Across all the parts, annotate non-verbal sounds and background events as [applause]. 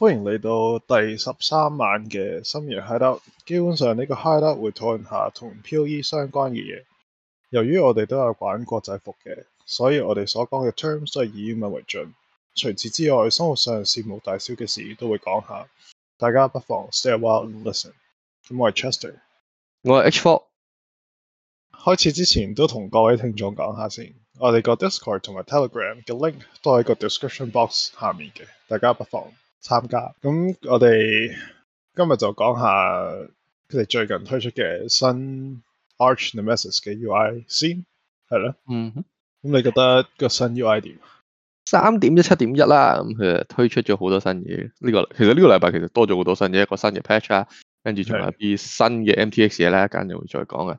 歡迎嚟到第十三晚嘅《深夜 Hideout》。基本上呢個 Hideout 會討論下同 PoE 相關嘅嘢。由於我哋都有玩國際服嘅，所以我哋所講嘅 terms 都係以英文為準。除此之，之外，生活上事無大小嘅事都會講下，大家不妨 stay awhile and listen。咁我係 Chester，我係 H4。開始之前都同各位聽眾講下先，我哋個 Discord 同埋 Telegram 嘅 link 都喺個 description box 下面嘅，大家不妨。參加咁，我哋今日就講下佢哋最近推出嘅新 Archnemesis 嘅 UI 先，係啦。嗯，咁你覺得個新 UI 點？三點一七點一啦，咁佢推出咗好多新嘢。呢、呢個其實呢個禮拜其實多咗好多新嘢，一個新嘅 patch 啊，跟住仲有啲新嘅 MTX 嘢咧，間就會再講啊。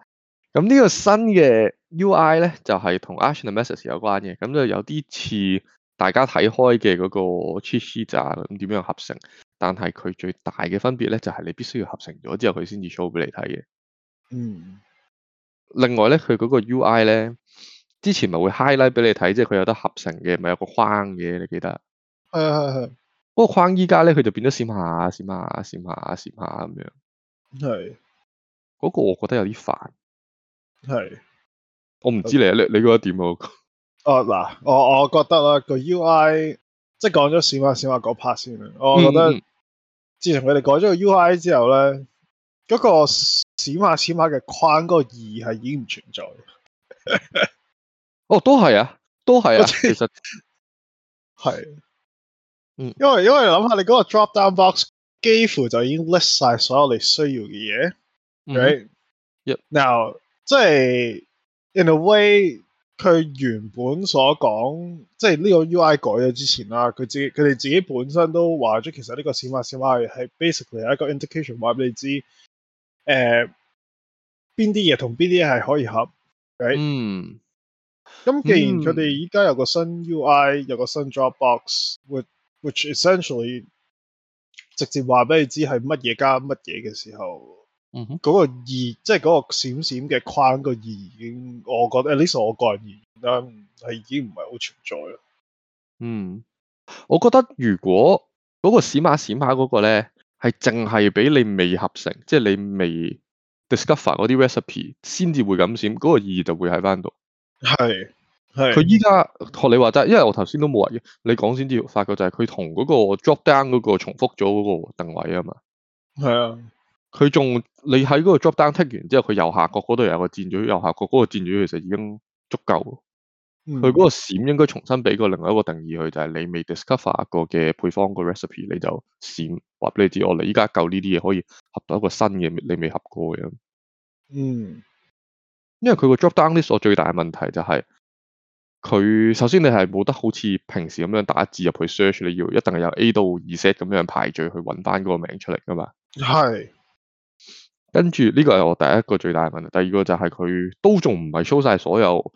咁呢個新嘅 UI 咧，就係同 Archnemesis 有關嘅，咁就有啲似。大家睇開嘅嗰個 cheat sheet 咁點樣合成？但係佢最大嘅分別咧，就係、是、你必須要合成咗之後，佢先至 show 俾你睇嘅。嗯。另外咧，佢嗰個 UI 咧，之前咪會 highlight 俾你睇，即係佢有得合成嘅，咪有個框嘅，你記得？係係係。不、哎、過、那個、框依家咧，佢就變咗閃下閃下閃下閃下咁樣。係。嗰、那個我覺得有啲煩。係。我唔知你、okay。你你覺得點好。哦、oh, 嗱，我我覺得啦、個 UI，即係講咗閃下閃下嗰 part 先啦、嗯，我覺得自從佢哋改咗個 UI 之後咧，嗰、個閃下閃下嘅框嗰個二係已經唔存在。 [laughs] 哦，都係啊，都係啊， [laughs] 其實係、 [laughs] 嗯，因為因為諗下你嗰個 drop down box 幾乎就已經 list 晒所有你需要嘅嘢、嗯、，right？Now,、yep. 即係 in a way. 佢原本所講，即係呢個 UI 改咗之前啦，佢自己佢哋自己本身都話咗，其實呢個閃化閃化係 basically 係一個 indication，話俾你知，誒邊啲嘢同邊啲嘢係可以合。Right? 嗯。咁既然佢哋依家有個新 UI，、嗯、有個新 Dropbox，which essentially 直接話俾你知係乜嘢加乜嘢嘅時候。嗰、嗯那個二，即係嗰個閃閃嘅框的意個二、嗯，已經我覺 at least 我個人而言咧，係已經唔係好存在啦。嗯，我覺得如果嗰個閃下閃下嗰個咧，係淨係俾你未合成，即、就、係、是、你未 discover 嗰啲 recipe，先至會咁閃，嗰、那個二就會喺翻度。係係，佢依家學你話齋，因為我頭先都冇話嘅，你講先至發覺就係佢同嗰個 drop down 嗰個重複咗嗰個定位啊嘛。係啊。佢仲你喺嗰個 drop down 剔完之後，佢右下角嗰度有個箭嘴，右下角嗰個箭嘴其實已經足夠。佢嗰個閃應該重新俾個另外一個定義佢，就係你未 discover 一個嘅配方個 recipe，你就閃。話俾你知，我哋依家夠呢啲嘢可以合到一個新嘅，你未合過嘅。嗯，因為佢個 drop down list 我最大嘅問題就係，佢首先你係冇得好似平時咁樣打字入去 search，你要一定係有 A 到 Z 咁樣排序去揾翻嗰個名出嚟噶嘛。係。跟住呢、這個係我第一個最大嘅問題，第二個就係佢都仲唔係 show 晒所有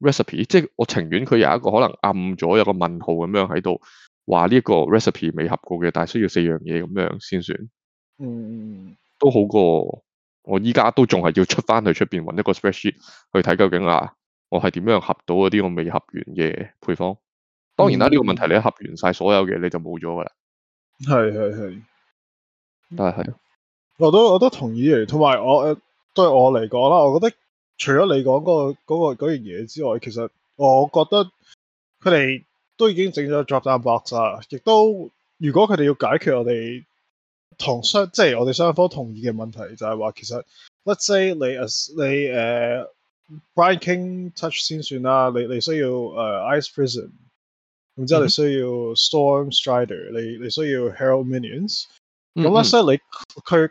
recipe，即係我情願佢有一個可能暗咗有個問號咁樣喺度，話呢個 recipe 未合過嘅，但係需要四樣嘢咁樣先算。嗯，都好過我依家都仲係要出翻去出邊搵一個 spreadsheet 去睇究竟啊，我係點樣合到嗰啲我未合完嘅配方？當然啦，呢、嗯這個問題你一合完晒所有嘅你就冇咗噶啦。係係係，係係。我都我都同意，同埋我誒，對我嚟講啦，我覺得除咗你講嗰、嗰個嗰樣嘢之外，其實我覺得佢哋都已經整咗 drop down box 啦。亦都如果佢哋要解決我哋同商，即係我哋雙方同意嘅問題，就係話，其實 let’s say 你啊你誒 Brine King Touch 先算啦。你你需要誒、uh, Ice Prison，然之後你需要 Storm Strider，你你需要 Heralding Minions、嗯。咁 let’s say 你佢。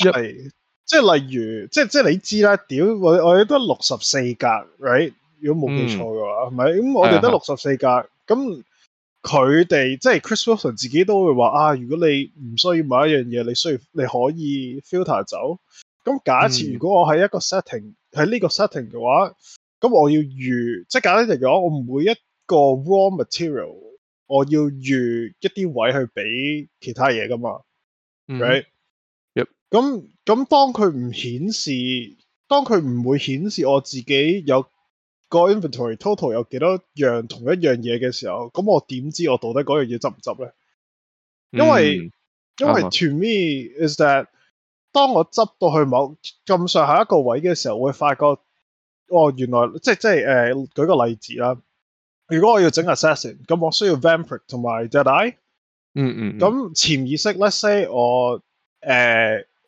係，即係例如，即係即係你知啦，屌我我得六十四格，right？如果冇記錯嘅話，係、嗯、咪？咁我哋得六十四格，咁佢哋即係 Chris Wilson 自己都會話啊，如果你唔需要某一樣嘢，你需要你可以 filter 走。咁假設如果我喺一個 setting 喺、嗯、呢個 setting 嘅話，咁我要預，即係簡單嚟講，我唔會一個 raw material，我要預一啲位去俾其他嘢噶嘛，right？、嗯咁咁，當佢唔顯示，當佢唔會顯示我自己有個 inventory total 有幾多樣同一樣嘢嘅時候，咁我點知我到底嗰樣嘢執唔執咧？因為、嗯、因為 to me、uh -huh. is that 當我執到去某咁上下一個位嘅時候，我會發覺哦，原來即即係、呃、舉個例子啦。如果我要整 assassin 咁我需要 vampiric 同埋 dead eye。嗯嗯。咁潛意識、嗯、let's say 我、呃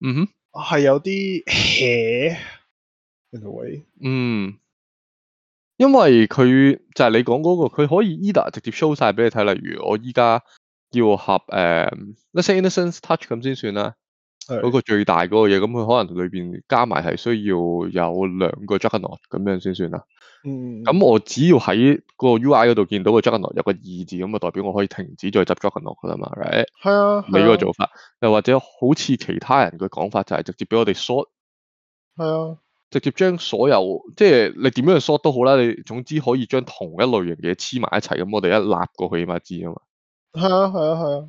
嗯、mm、哼 -hmm.，係有啲 hea，anyway，嗯，因為佢就係你講嗰、那個，佢可以 Eda 直接 show 晒俾你睇，例如我而家要合誒、um,，let's say innocence touch 咁先算啦。嗰、嗰個最大嗰個嘢，咁佢可能裏邊加埋係需要有兩個 Juggernaut 咁樣先算啦。嗯，咁我只要喺個 UI 嗰度見到個 Juggernaut 有個二字，咁就代表我可以停止再執 Juggernaut 噶啦嘛 right？係啊，你個做法，又、啊、或者好似其他人嘅講法，就係直接俾我哋 sort。係啊，直接將所有即係你點樣 sort 都好啦，你總之可以將同一類型嘅嘢黐埋一齊，咁我哋一立過去，起碼知啊嘛。係啊，係啊，係啊。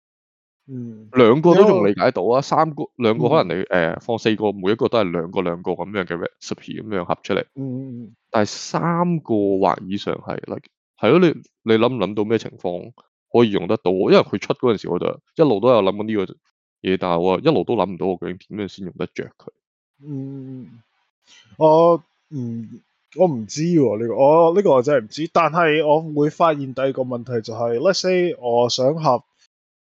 嗯，兩個都仲理解到啊，三個兩個可能你誒、嗯呃、放四個，每一個都係兩個兩個咁樣嘅 recipe 咁樣合出嚟。嗯，但係三個或以上係 like 係咯，你你諗唔諗到咩情況可以用得到？因為佢出嗰陣時，我就一路都有諗緊呢個嘢，但係我一路都諗唔到我究竟點樣先用得着佢、嗯。嗯，我唔我唔知呢、啊這個，我呢、這個我真係唔知。但係我會發現第二個問題就係、是，Let’s say 我想合。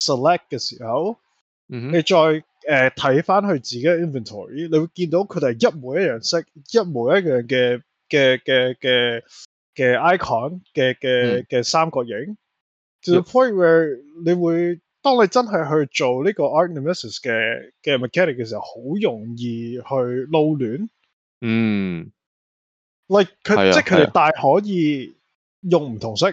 Select 嘅時候，mm -hmm. 你再誒睇翻佢自己嘅 inventory，你會見到佢哋一模一樣色，一模一樣嘅嘅嘅嘅嘅 icon 嘅嘅嘅三角形。Mm -hmm. to the point where，你會當你真係去做呢個 Archnemesis 嘅嘅 mechanic 嘅時候，好容易去撈亂。嗯、mm -hmm.，like 佢、啊、即係佢哋大可以用唔同色。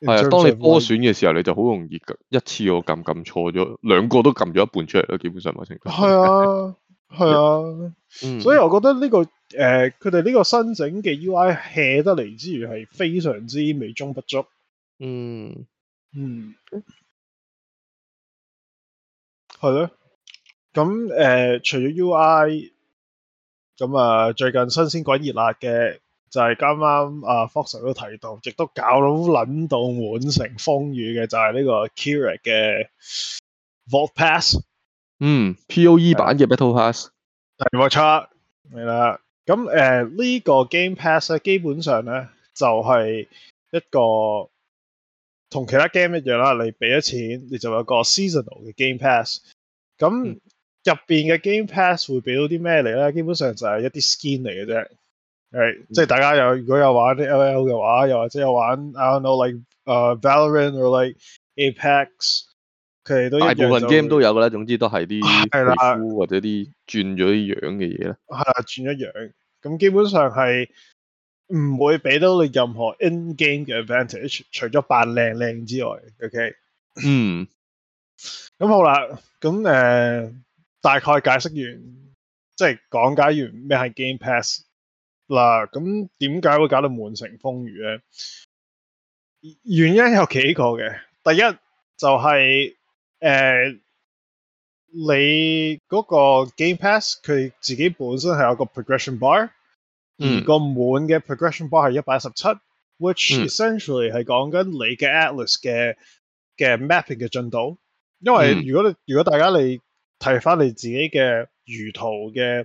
係，like, 當你波選嘅時候，你就好容易一次我撳撳錯咗，兩個都撳咗一半出嚟咯，基本上個情況。係啊，係啊、嗯，所以我覺得呢、這個誒，佢哋呢個新整嘅 UI 起得嚟之餘，係非常之美中不足。嗯嗯，係咯、啊。咁誒、呃，除咗 U I，咁啊，最近新鮮滾熱辣嘅。就係啱啱阿 Fox 都提到，亦都搞到捻到滿城風雨嘅，就係、是、呢個 Kirac 嘅 Vault Pass 嗯。嗯，P.O.E 版嘅 Battle Pass。係冇錯，係啦。咁誒呢個 Game Pass 咧，基本上咧就係、是、一個同其他 game 一樣啦。你俾咗錢，你就有一個 Seasonal 嘅 Game Pass。咁入邊嘅 Game Pass 會俾到啲咩嚟咧？基本上就係一啲 Skin 嚟嘅啫。Right. Mm -hmm. 即係大家有如果有玩啲 L.L. 嘅話，又或者有玩 I don't know like 誒、uh, Valorant 或者、like、Apex，佢哋都一大部分 game 都有嘅啦。總之都係啲皮膚或者啲轉咗樣嘅嘢咧。係、啊、啦，轉咗樣咁基本上係唔會俾到你任何 in game 嘅 advantage，除咗扮靚靚之外。O.K. 咁、mm -hmm. [laughs] 好啦，咁誒、呃、大概解釋完，即係講解完咩係 game pass。嗱，咁點解會搞到滿城風雨咧？原因有幾個嘅。第一就係、是、誒、呃，你嗰個 Game Pass 佢自己本身係有個 Progression Bar，嗯、個滿嘅 Progression Bar 係一百一十七，which essentially 係講緊你嘅 Atlas 嘅嘅 mapping 嘅進度。因為如果如果大家嚟睇翻你自己嘅輿圖嘅。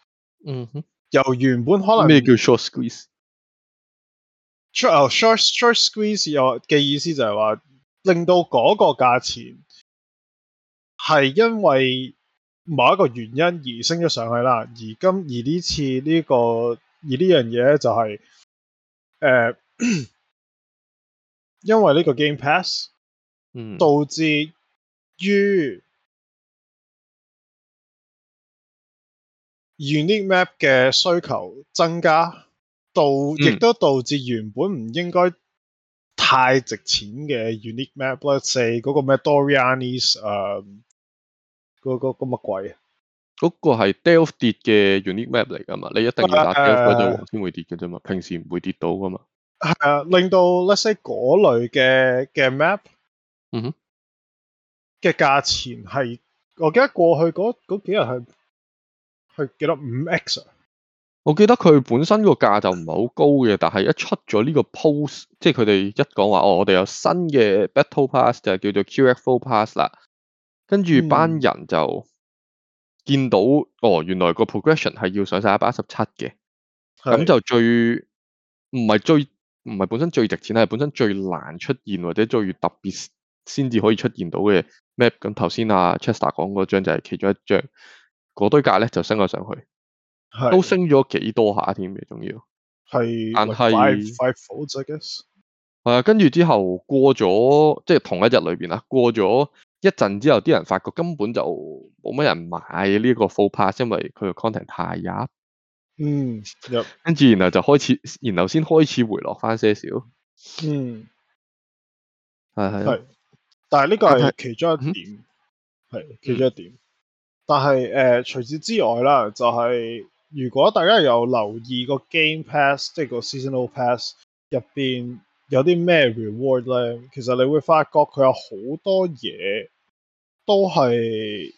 嗯哼，由原本可能咩叫 short squeeze？short short squeeze 又嘅意思就係話，令到嗰個價錢係因為某一個原因而升咗上去啦。而今而呢次呢、呢個而呢樣嘢咧就係、是、誒、呃，因為呢個 game pass 導、嗯、致於。u n i q map 嘅需求增加，導亦都導致原本唔應該太值錢嘅 u n i q map，let’s、嗯、say 嗰個咩 Dorianis 誒、呃、嗰嗰、那、咁、個、乜、那個那個、鬼啊？嗰、那個係跌跌嘅 u n i q map 嚟噶嘛？你一定要打雞飛對王先會跌嘅啫嘛，uh, uh, 平時唔會跌到噶嘛。誒、uh, 令到 let’s say 嗰類嘅嘅 map，嗯嘅價錢係我記得過去嗰嗰幾日係。佢幾多五 X，、啊、我記得佢本身個價就唔係好高嘅，但係一出咗呢個 post，即係佢哋一講話哦，我哋有新嘅 Battle Pass 就叫做 Vault Pass 啦，跟住班人就見到、嗯、哦，原來個 progression 係要上晒一百一十七嘅，咁就最唔係最唔係本身最值錢，係本身最難出現或者最特別先至可以出現到嘅 map。咁頭先阿 Chester 講嗰張就係其中一張。嗰堆價咧就升咗上去，都升咗幾多下添嘅，仲要係。但係 five f o 啊。跟住之後過咗，即係同一日裏邊啊，過咗一陣之後，啲人發覺根本就冇乜人買呢一個 full pass，因為佢個 content 太弱。嗯。跟住然後就開始，然後先開始回落翻些少。嗯。係係。係。但係呢個係其中一點，係、嗯、其中一點。嗯嗯但係誒、呃，除此之外啦，就係、是、如果大家有留意個 Game Pass，即係個 Seasonal Pass 入邊有啲咩 reward 咧，其實你會發覺佢有好多嘢都係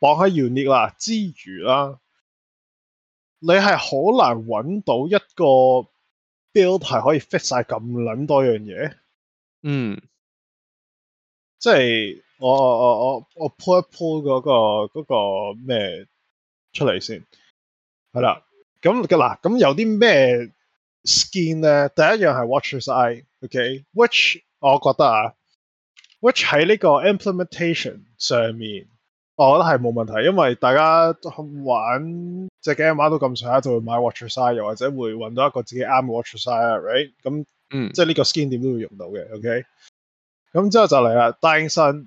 綁喺 Unique 啦之餘啦，你係好難揾到一個 build 可以 fit 晒咁撚多樣嘢。嗯，即係。我我我我我鋪一鋪嗰，那個嗰，那個咩出嚟先，係啦，咁嘅，嗱，咁有啲咩 skin 咧？第一樣係 Watcher's Eye，ok，which、okay? 我覺得啊，which 喺呢個 implementation 上面，我覺得係冇問題，因為大家都玩隻 game 玩到咁上下，就會買 Watcher's Eye，又或者會揾到一個自己啱 Watcher's Eye，right？啊咁、嗯、即係呢個 skin 點都會用到嘅，ok？咁之後就嚟啦，Dyson。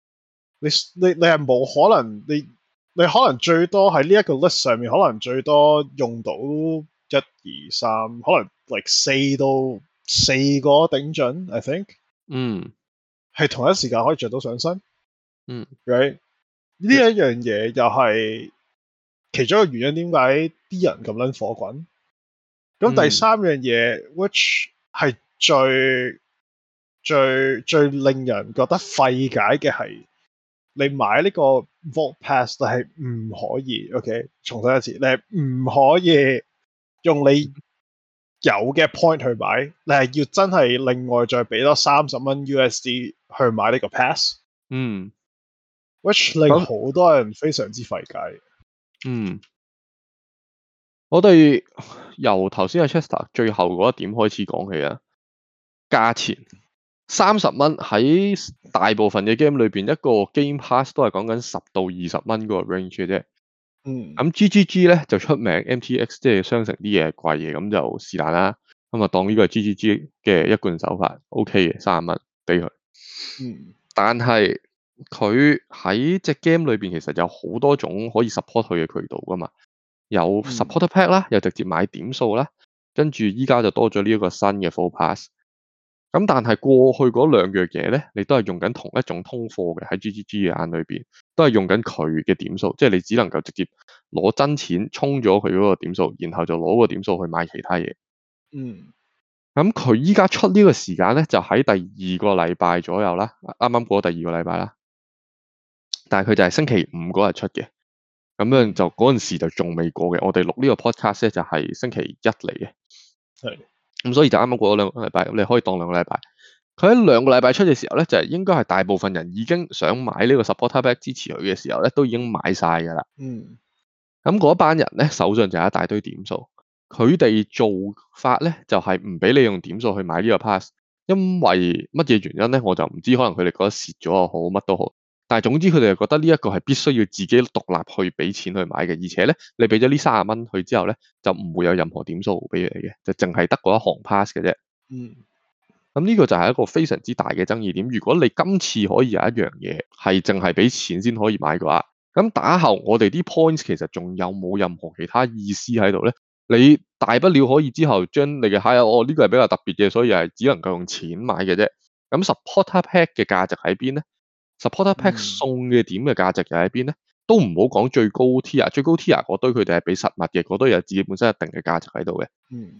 你你你係冇可能，你你可能最多喺呢一個 list 上面，可能最多用到一二三，可能嚟、like、四到四個頂準，I think，嗯，係同一時間可以着到上身，嗯，right 呢、嗯、一樣嘢又係其中一個原因是為什麼麼，點解啲人咁撚火滾？咁第三樣嘢、嗯、which 係最最最令人覺得費解嘅係。你買呢個 Vault Pass 但係唔可以，OK？重申一次，你係唔可以用你有嘅 point 去買，你係要真係另外再俾多三十蚊 USD 去買呢個 pass 嗯。嗯，which 令好多人非常之費解、嗯。嗯，我哋由頭先阿 Chester 最後嗰一點開始講起啊，價錢。三十蚊喺大部分嘅 game 裏邊，一個 game pass 都係講緊十到二十蚊嗰個 range 嘅啫。嗯，咁 G G G 咧就出名，M T X 即係商城啲嘢係貴嘢，咁就是但啦。咁啊，當呢個 G G G 嘅一貫手法，O K 嘅，三十蚊俾佢。但係佢喺隻 game 裏邊其實有好多種可以 support 佢嘅渠道噶嘛，有 supporter pack 啦，又直接買點數啦，跟住依家就多咗呢一個新嘅 Vault Pass。咁但係過去嗰兩樣嘢咧，你都係用緊同一種通貨嘅，喺 GGG 嘅眼裏邊，都係用緊佢嘅點數，即係你只能夠直接攞真錢充咗佢嗰個點數，然後就攞個點數去買其他嘢。嗯。咁佢依家出呢個時間咧，就喺第二個禮拜左右啦，啱啱過咗第二個禮拜啦。但係佢就係星期五嗰日出嘅，咁樣就嗰陣時就仲未過嘅。我哋錄呢個 podcast 咧就係星期一嚟嘅。係。咁所以就啱啱過咗兩個禮拜，你可以當兩個禮拜。佢喺兩個禮拜出嘅時候咧，就係應該係大部分人已經想買呢個 supporter pack 支持佢嘅時候咧，都已經買晒噶啦。嗯。咁嗰班人咧，手上就有一大堆點數，佢哋做法咧就係唔俾你用點數去買呢個 pass，因為乜嘢原因咧，我就唔知，可能佢哋覺得蝕咗又好，乜都好。但係總之佢哋又覺得呢一個係必須要自己獨立去俾錢去買嘅，而且咧你俾咗呢三十蚊去之後咧，就唔會有任何點數俾你嘅，就淨係得嗰一行 pass 嘅啫。嗯，咁呢個就係一個非常之大嘅爭議點。如果你今次可以有一樣嘢係淨係俾錢先可以買嘅話，咁打後我哋啲 points 其實仲有冇任何其他意思喺度咧？你大不了可以之後將你嘅嚇呀，呢、哦呢個係比較特別嘅，所以係只能夠用錢買嘅啫。咁 supporter pack 嘅價值喺邊咧？Supporter pack 送嘅點嘅價值又喺邊咧？Mm. 都唔好講最高 tier，最高 tier 嗰堆佢哋係俾實物嘅，嗰堆有自己本身一定嘅價值喺度嘅。咁、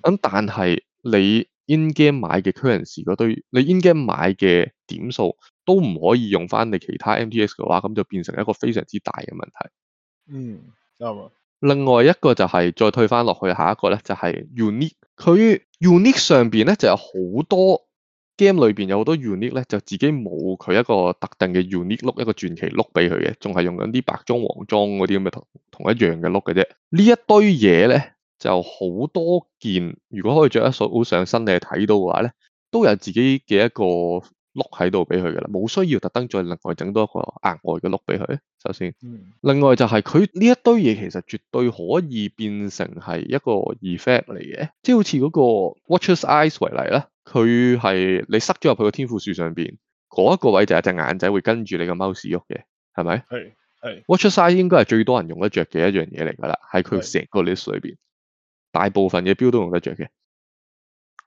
mm. 但係你 in game 買嘅 currency 嗰堆，你 in game 買嘅點數都唔可以用翻你其他 MTX 嘅話，咁就變成一個非常之大嘅問題。嗯，啱啊。另外一個就係、是、再退翻落去，下一個咧就係、是、unique。佢 unique 上邊咧就有好多。game 裏邊有好多 unique 咧，就自己冇佢一個特定嘅 unique 碌一個傳奇碌俾佢嘅，仲係用緊啲白裝黃裝嗰啲咁嘅同同一樣嘅碌嘅啫。呢一堆嘢咧就好多件，如果可以着一索好上身，你睇到嘅話咧，都有自己嘅一個碌喺度俾佢噶啦，冇需要特登再另外整多一個額外嘅碌俾佢。首先、嗯，另外就係佢呢一堆嘢，其實絕對可以變成係一個 effect 嚟嘅，即係好似嗰個 Watchers Eyes 為例啦。佢係你塞咗入去個天賦樹上邊嗰一個位就係一隻眼仔會跟住你個 mouse 喐嘅，係咪？係係。Watcher's Eye 應該係最多人用得着嘅一樣嘢嚟噶啦，喺佢成個 list 裏邊大部分嘅標都用得着嘅。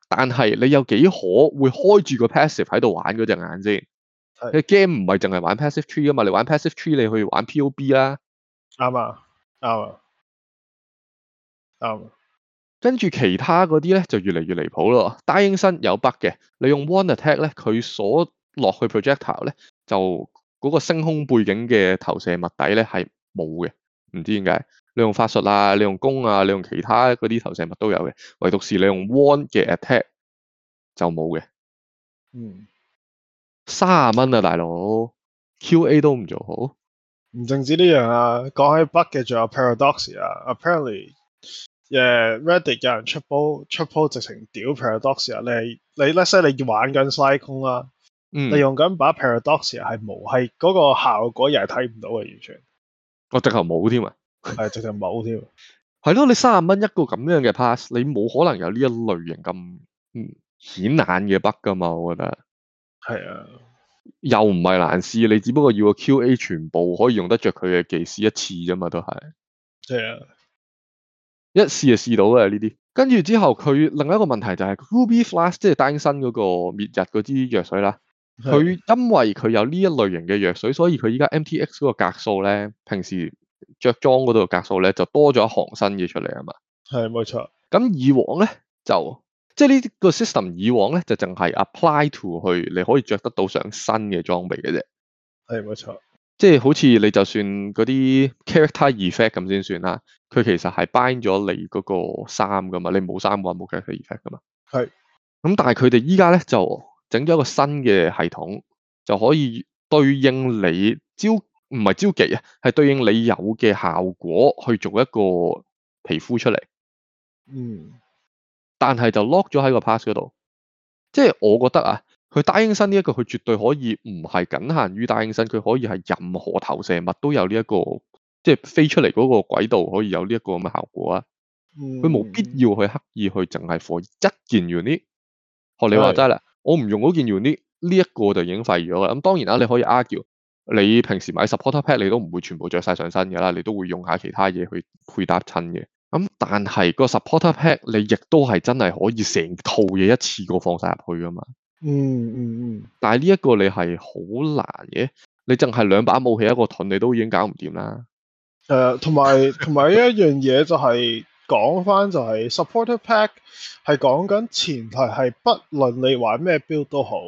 但係你有幾可會開住個 passive 喺度玩嗰隻眼先？你 game 唔係淨係玩 passive tree 噶嘛？你玩 passive tree 你去玩 POB 啦，啱啊，啱啊，啱啊。跟住其他嗰啲咧就越嚟越離譜咯。Dying Sun 有 bug 嘅，你用 One Attack 咧，佢所落去 projector 咧就嗰個星空背景嘅投射物底咧係冇嘅，唔知點解。你用法術啊，你用弓啊，你用其他嗰啲投射物都有嘅，唯獨是你用 One 嘅 Attack 就冇嘅。嗯，卅蚊啊，大佬，QA 都唔做好。唔淨止呢樣啊，講起 bug 嘅仲有 Paradoxia，Apparently、啊。Apparently... 誒、yeah,，Reddit 有人出波出波，直情屌 Paradox 啊！你你咧先，你玩緊 l 空啦，你用緊把 Paradox 係冇，係嗰、那個效果又係睇唔到嘅完全。我直頭冇添啊！係直頭冇添。係咯， [laughs] 你三十蚊一個咁樣嘅 pass，你冇可能有呢一類型咁顯眼嘅筆噶嘛？我覺得係啊，又唔係難試，你只不過要個 QA 全部可以用得着佢嘅技師一次啫嘛，都係係啊。一試就試到啦呢啲，跟住之後佢另一個問題就係 Ruby Flask，即係單身嗰個滅日嗰支藥水啦。佢因為佢有呢一類型嘅藥水，所以佢依家 MTX 嗰個格數咧，平時着裝嗰度嘅格數咧就多咗一行新嘅出嚟啊嘛。係冇錯。咁以往咧就即係呢個 system 以往咧就淨係 apply to 去你可以着得到上新嘅裝備嘅啫。係冇錯。即係好似你就算嗰啲 character effect 咁先算啦，佢其實係 bind 咗你嗰個衫噶嘛，你冇衫嘅話冇 character effect 噶嘛。係。咁、嗯、但係佢哋依家咧就整咗一個新嘅系統，就可以對應你招唔係招技啊，係對應你有嘅效果去做一個皮膚出嚟。嗯。但係就 lock 咗喺個 pass 嗰度。即係我覺得啊。佢打英身呢、這、一個，佢絕對可以唔係僅限於打英身，佢可以係任何投射物都有呢、這、一個，即、就、係、是、飛出嚟嗰個軌道可以有呢一個咁嘅效果啊。佢、嗯、冇必要去刻意去淨係放一件 unique。學你話齋啦，我唔用嗰件 unique，呢一個就已經廢咗啦。咁當然啦、啊，你可以 argue，你平時買 supporter pack，你都唔會全部着晒上身㗎啦，你都會用下其他嘢去配搭襯嘅。咁但係個 supporter pack 你亦都係真係可以成套嘢一次過放晒入去㗎嘛。嗯嗯嗯，但係呢一個你係好難嘅，你淨係兩把武器一個盾，你都已經搞唔掂啦。誒，同埋同埋一樣嘢就係講翻就係、是、supporter pack 係講緊前提係不論你玩咩 build 都好，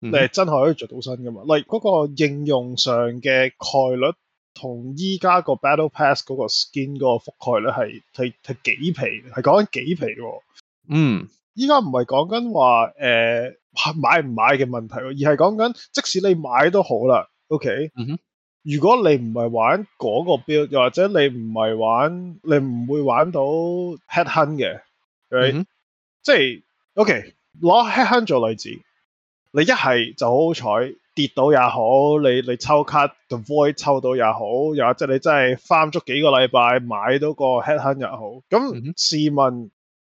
嗯、你係真係可以着到身噶嘛？例如嗰個應用上嘅概率同依家個 battle pass 嗰個 skin 嗰個覆蓋率係係係幾皮，係講緊幾皮嘅、啊。嗯，依家唔係講緊話誒。呃係買唔買嘅問題，而係講緊即使你買都好啦，OK？、嗯、如果你唔係玩嗰個 build，又或者你唔係玩，你唔會玩到 head hunt 嘅、OK？嗯，即係 OK。攞 head hunt 做例子，你一係就好彩跌到也好，你你抽卡 the void 抽到也好，又或者你真係翻足幾個禮拜買到個 head hunt 又好，咁試、嗯、問？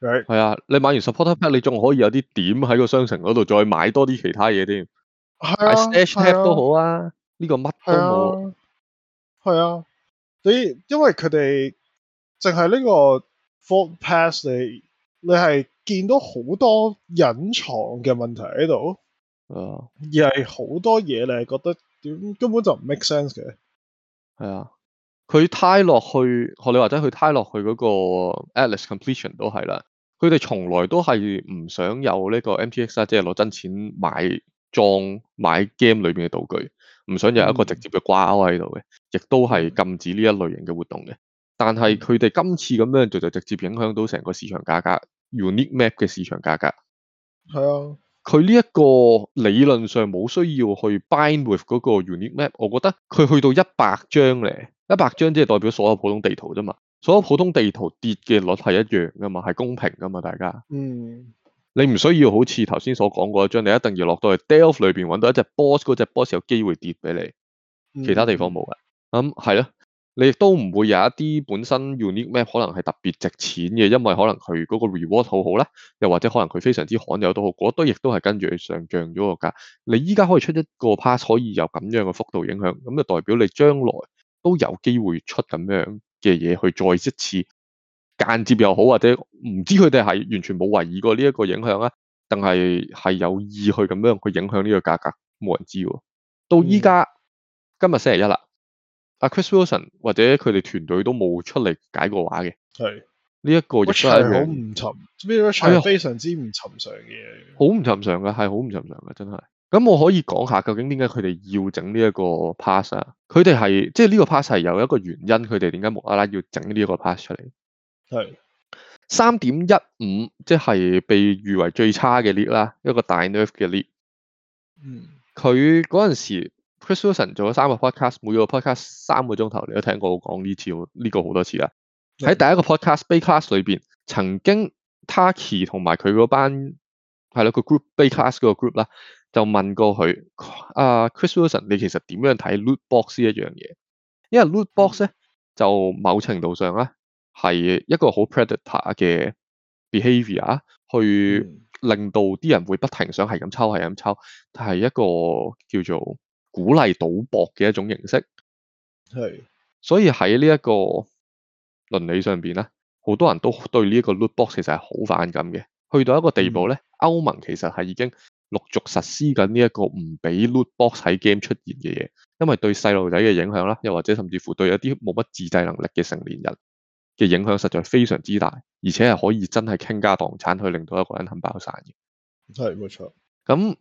係、right.，啊！你買完 supporter pack，你仲可以有啲點喺個商城嗰度再買多啲其他嘢添，買、啊、stash tab 都好啊。呢、啊這個乜都冇，係啊，啊。你因為佢哋淨係呢個 fold pass，你你係見到好多隱藏嘅問題喺度、啊，而係好多嘢你係覺得點根本就唔 make sense 嘅。係啊，佢太落去，學你話齋佢太落去嗰個 Atlas completion 都係啦。佢哋從來都係唔想有呢個 MTX 即係攞真錢買裝買 game 裏面嘅道具，唔想有一個直接嘅掛鈎喺度嘅，亦都係禁止呢一類型嘅活動嘅。但係佢哋今次咁樣做就直接影響到成個市場價格，Unique Map 嘅市場價格。係啊，佢呢一個理論上冇需要去 bind with 嗰個 Unique Map，我覺得佢去到一百張咧，一百張即係代表所有普通地圖啫嘛。所有普通地圖跌嘅率係一樣噶嘛，係公平噶嘛，大家。嗯。你唔需要好似頭先所講嗰張，你一定要落到去 Delf 裏邊揾到一隻 Boss，嗰隻 Boss 有機會跌俾你，其他地方冇噶。咁係咯，你亦都唔會有一啲本身 Unique Map 可能係特別值錢嘅，因為可能佢嗰個 Reward 很好好啦，又或者可能佢非常之罕有都好，嗰堆亦都係跟住佢上漲咗個價。你依家可以出一個 Pass，可以有咁樣嘅幅度影響，咁就代表你將來都有機會出咁樣。嘅嘢去再一次間接又好，或者唔知佢哋係完全冇懷疑過呢一個影響啊，定係係有意去咁樣去影響呢個價格，冇人知。到依家、嗯、今日星期一啦，阿 Chris Wilson 或者佢哋團隊都冇出嚟解過話嘅。係呢一個亦都係好唔尋常，非常之唔尋常嘅嘢，好唔尋常㗎，係好唔尋常㗎，真係。咁我可以講下究竟點解佢哋要整呢一個 pass 啊？佢哋係即係呢個 pass 係有一個原因，佢哋點解無啦啦要整呢一個 pass 出嚟？係三點一五，即係被譽為最差嘅 league 啦，一個大 nerf 嘅 league。佢嗰陣時 Chris Wilson 做咗三個 podcast，每個 podcast 三個鐘頭，你都聽過我講呢次呢、呢個好多次啦。喺第一個 podcast Baeclast 裏邊，曾經 Taki 同埋佢嗰班係啦，個 group Baeclast 嗰個 group 啦。就問過佢啊，Chris Wilson，你其實點樣睇 Loot Box 呢一樣嘢？因為 Loot Box 咧，就某程度上咧係一個好 predator 嘅 behaviour，去令到啲人會不停想係咁抽、係咁抽，係一個叫做鼓勵賭博嘅一種形式。所以喺呢一個倫理上面咧，好多人都對呢一個 Loot Box 其實係好反感嘅。去到一個地步咧，歐盟其實係已經陸續實施緊呢一個唔俾 loot box 喺 game 出現嘅嘢，因為對細路仔嘅影響啦，又或者甚至乎對一啲冇乜自制能力嘅成年人嘅影響，實在非常之大，而且係可以真係傾家蕩產去令到一個人肯爆散嘅。真係冇錯。咁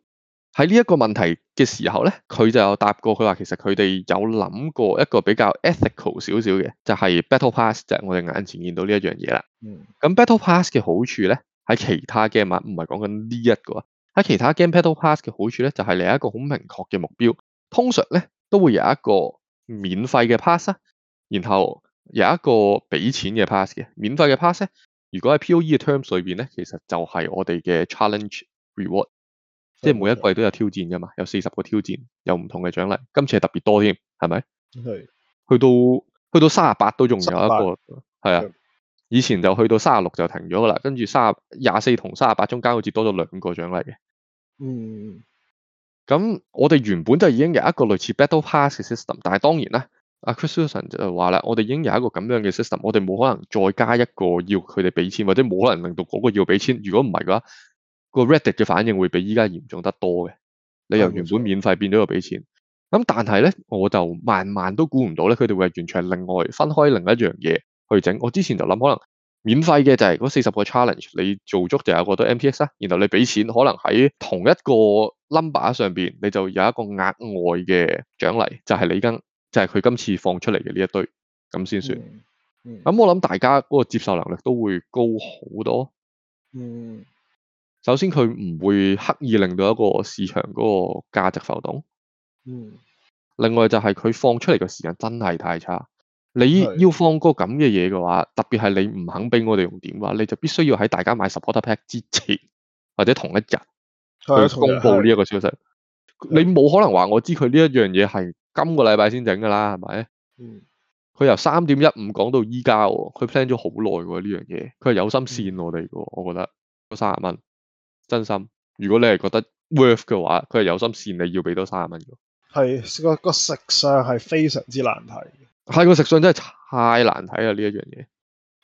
喺呢一個問題嘅時候咧，佢就有答過，佢話其實佢哋有諗過一個比較 ethical 少少嘅，就係、是、battle pass 就係我哋眼前見到呢一樣嘢啦。嗯。咁 battle pass 嘅好處咧，喺其他 game 唔係講緊呢一個。喺其他 game battle pass 嘅好處咧，就係你有一個好明確嘅目標。通常咧都會有一個免費嘅 pass 然後有一個俾錢嘅 pass 嘅。免費嘅 pass 咧，如果喺 P.O.E 嘅 term 裏邊咧，其實就係我哋嘅 challenge reward，即係每一季都有挑戰噶嘛，有四十個挑戰，有唔同嘅獎勵。今次係特別多添，係咪？係。去到去到三十八都仲有一個，係啊。以前就去到三十六就停咗噶啦，跟住三十四同三十八中間好似多咗兩個獎勵嘅。嗯，咁我哋原本就已經有一個類似 Battle Pass 嘅 system，但係當然咧 Chris Wilson 就話啦，我哋已經有一個咁樣嘅 system，我哋冇可能再加一個要佢哋俾錢，或者冇可能令到嗰個要俾錢。如果唔係嘅話，個 Reddit 嘅反應會比依家嚴重得多嘅。你由原本免費變咗又俾錢，咁、嗯、但係咧，我就慢慢都估唔到咧，佢哋會係完全係另外分開另一樣嘢去整。我之前就諗可能。免費嘅就係嗰四十個 challenge，你做足就有個多 MTX 啦。然後你俾錢，可能喺同一個 number 上邊，你就有一個額外嘅獎勵，就係、是、你跟，就係、是、佢今次放出嚟嘅呢一堆咁先算。咁、嗯嗯、我諗大家嗰個接受能力都會高好多。嗯，首先佢唔會刻意令到一個市場嗰個價值浮動。嗯，另外就係佢放出嚟嘅時間真係太差。你要放個咁嘅嘢嘅話，特別係你唔肯俾我哋用點嘅話，你就必須要喺大家買 supporter pack 之前或者同一日去公布呢一個消息。你冇可能話我知佢呢一樣嘢係今個禮拜先整噶啦，係咪？嗯。佢由三點一五講到依家，佢 plan 咗好耐喎呢樣嘢。佢係有心跣我哋嘅，我覺得。三十蚊，真心。如果你係覺得 worth 嘅話，佢係有心跣你要俾多三十蚊嘅。係個、嗰個食相係非常之難睇。太過食相真係太難睇啦！呢一樣嘢，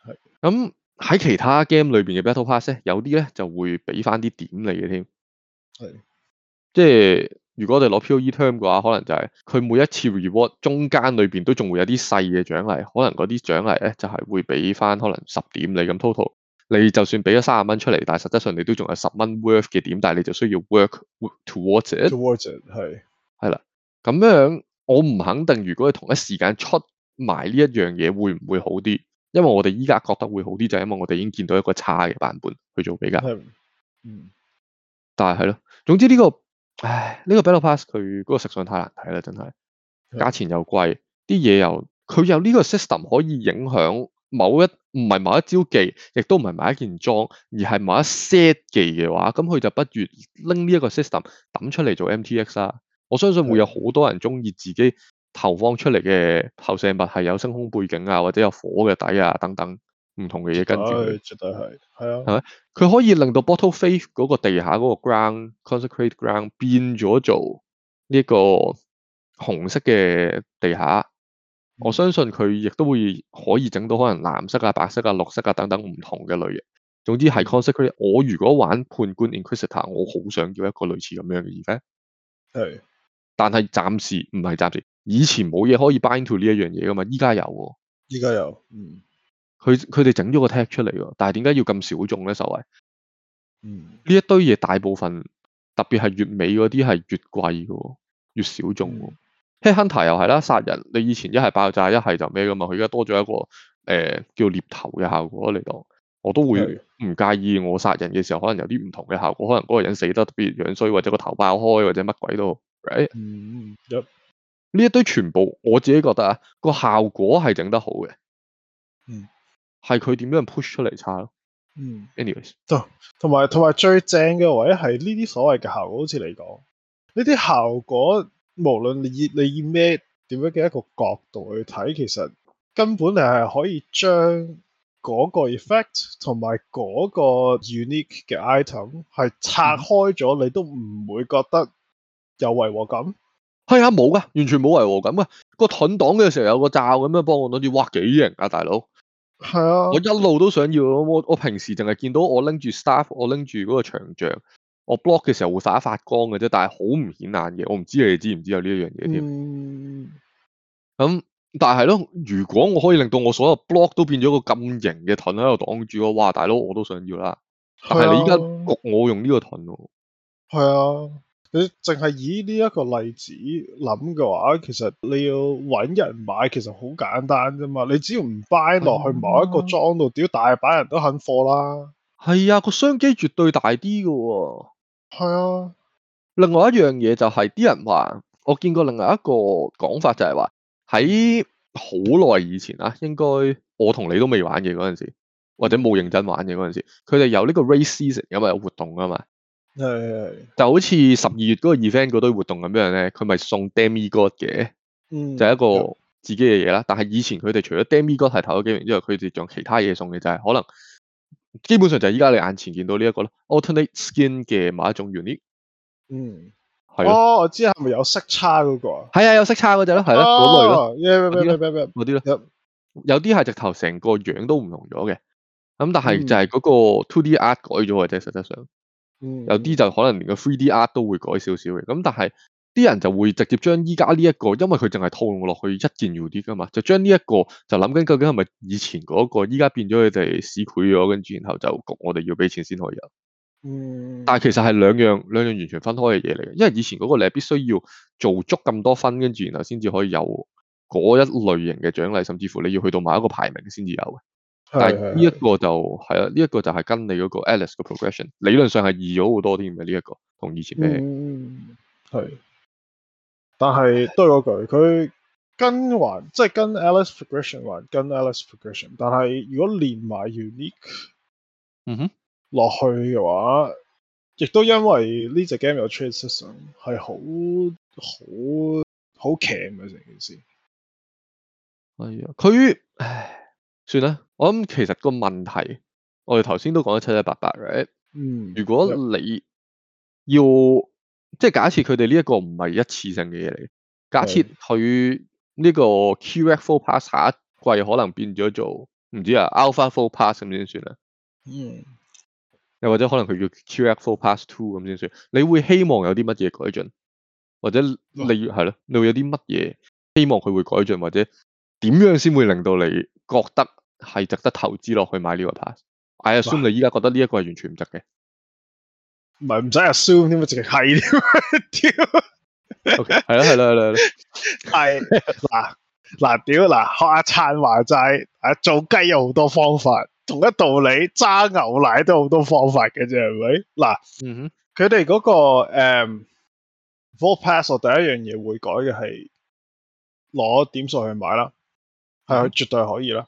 係咁喺其他 game 裏邊嘅 battle pass 有啲咧就會俾翻啲點你嘅添，係，即係如果我哋攞 POE term 嘅話，可能就係佢每一次 reward 中間裏邊都仲會有啲細嘅獎勵，可能嗰啲獎勵咧就係會俾翻可能十點你咁 total，你就算俾咗卅蚊出嚟，但係實質上你都仲有十蚊 worth 嘅點，但係你就需要 work towards it，towards it 係，係啦，咁樣我唔肯定，如果你同一時間出。買呢一樣嘢會唔會好啲？因為我哋依家覺得會好啲，就係因為我哋已經見到一個差嘅版本去做比較。但係係咯，總之呢個，唉，呢個 Battle Pass 佢嗰個食相太難睇啦，真係，價錢又貴，啲嘢又，佢有呢個 system 可以影響某一唔係買一招技，亦都唔係買一件裝，而係買一 set 技嘅話，咁佢就不如拎呢一個 system 抌出嚟做 MTX 啦。我相信會有好多人中意自己。投放出嚟嘅投射物係有星空背景啊，或者有火嘅底啊，等等唔同嘅嘢跟住。絕對係，係啊。係咪佢可以令到 Bottled Faith 嗰個地下嗰個 ground consecrate ground 變咗做呢個紅色嘅地下？嗯。我相信佢亦都會可以整到可能藍色啊、白色啊、綠色啊等等唔同嘅類型。總之係 consecrate。我如果玩判官 inquisitor，我好想要一個類似咁樣嘅 effect。係，但係暫時唔係暫時。以前冇嘢可以 bind to 呢一樣嘢噶嘛，依家有喎，依家有，嗯，佢佢哋整咗個 tech 出嚟喎，但係點解要咁小眾咧？所謂、嗯、嚟，呢一堆嘢大部分特別係越美嗰啲係越貴嘅，越小眾。Headhunter 又係啦，殺人你以前一係爆炸，一係就咩噶嘛，佢而家多咗一個誒、呃、叫獵頭嘅效果嚟到，我都會唔介意，我殺人嘅時候可能有啲唔同嘅效果，可能嗰個人死得特別樣衰，或者個頭爆開，或者乜鬼都、right? 嗯嗯。呢一堆全部我自己覺得啊，個效果係整得好嘅，嗯，係佢點樣 push 出嚟差咯，嗯，anyways，就同埋同埋最正嘅位係呢啲所謂嘅效果，好似你講呢啲效果，無論你以你以咩點樣嘅一個角度去睇，其實根本你係可以將嗰個 effect 同埋嗰個 unique 嘅 item 係拆開咗、嗯，你都唔會覺得有違和感。係、哎、啊，冇噶，完全冇違和感啊！那個盾擋嘅時候有個罩咁啊，幫我攞住，哇，幾型啊，大佬！係啊，我一路都想要。我我平時淨係見到我拎住 staff，我拎住嗰個牆障，我 block 嘅時候會灑發，發光嘅啫，但係好唔顯眼嘅。我唔知你哋知唔知有呢一樣嘢添。咁、嗯、但係係咯，如果我可以令到我所有 block 都變咗個咁型嘅盾喺度擋住我，哇，大佬我都想要啦！但係你依家焗我用呢個盾喎。係啊。你淨係以呢一個例子諗嘅話，其實你要揾人買，其實好簡單啫嘛。你只要唔 buy 落去某一個莊度，屌、啊、大把人都肯貨啦。係啊，個商機絕對大啲㗎喎。係啊，另外一樣嘢就係、是、啲人話，我見過另外一個講法就係話，喺好耐以前啊，應該我同你都未玩嘅嗰陣時，或者冇認真玩嘅嗰陣時，佢哋有呢個 race season，因為有活動㗎嘛。係、嗯，就好似十二月嗰個 event 嗰堆活動咁樣咧，佢咪送 Demigod 嘅，就係一個自己嘅嘢啦。但係以前佢哋除咗 Demigod 係投咗幾萬之外，佢哋仲有其他嘢送嘅就係、是、可能基本上就係依家你眼前見到呢、這、一個咯，alternate skin 嘅某一種原理。嗯，係、啊，哦，我知係咪有色差嗰、那個啊？係啊，有色差嗰隻咯，係咯、啊，嗰、哦、類咯，啲、yeah, 咯，有啲係直頭成個樣都唔同咗嘅，咁但係就係嗰個 2D、嗯、art 改咗嘅啫，實質上。有啲就可能連個 3D art 都會改少少嘅，咁但係啲人就會直接將依家呢一個，因為佢淨係套落去一鍵要啲㗎噶嘛，就將呢一個就諗緊究竟係咪以前嗰個，依家變咗佢哋市儈咗，跟住然後就焗我哋要俾錢先可以有。嗯，但係其實係兩樣兩樣完全分開嘅嘢嚟嘅，因為以前嗰個你係必須要做足咁多分，跟住然後先至可以有嗰一類型嘅獎勵，甚至乎你要去到某一個排名先至有嘅。但係呢一個就係、是、啊，呢一、這個就係跟你嗰個 Alice 嘅 progression，是理論上係易咗好多添嘅呢一個，同以前咩？係、嗯，但係 [laughs] 對嗰句，佢跟還即係跟 Alice progression 還跟 Alice progression，但係如果連埋 unique，的、嗯、哼，落去嘅話，亦都因為呢隻 game 有 trade system，係好好好強嘅成件事。係啊，佢唉，算啦。我諗其實個問題，我哋頭先都講得七七八八嘅。Right? 嗯。如果你要、嗯、即係假設佢哋呢一個唔係一次性嘅嘢嚟，假設佢呢個 QF 4 Plus 下一季可能變咗做唔知啊 Alpha 4 Plus 咁先算啦。嗯。又或者可能佢叫 QF 4 Plus Two 咁先算，你會希望有啲乜嘢改進，或者你係咯、哦，你會有啲乜嘢希望佢會改進，或者點樣先會令到你覺得？係值得投資落去買呢個 pass，I assume 你依家覺得呢一個係完全唔值嘅。唔係，唔使 assume 添，咪直係添，係啦係啦係啦係，嗱嗱屌嗱，學阿燦話齋，啊做雞有好多方法，同一道理揸牛奶都好多方法嘅啫，係咪？嗱，嗯哼，佢哋嗰個誒 um, Vault Pass 我第一樣嘢會改嘅係攞點數去買啦，係、嗯、絕對可以啦。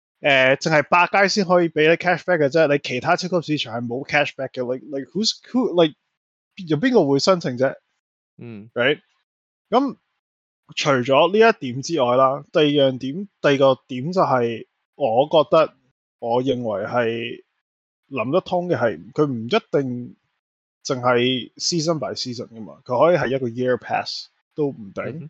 誒淨係百佳先可以俾你 cashback 嘅啫，你其他超級市場係冇 cashback 嘅。你你 who's who like 由邊個會申請啫？嗯，right。咁除咗呢一點之外啦，第二樣點第二個點就係我覺得，我認為係諗得通嘅係，佢唔一定淨係 season by season 噶嘛，佢可以係一個 year pass 都唔定。Mm-hmm.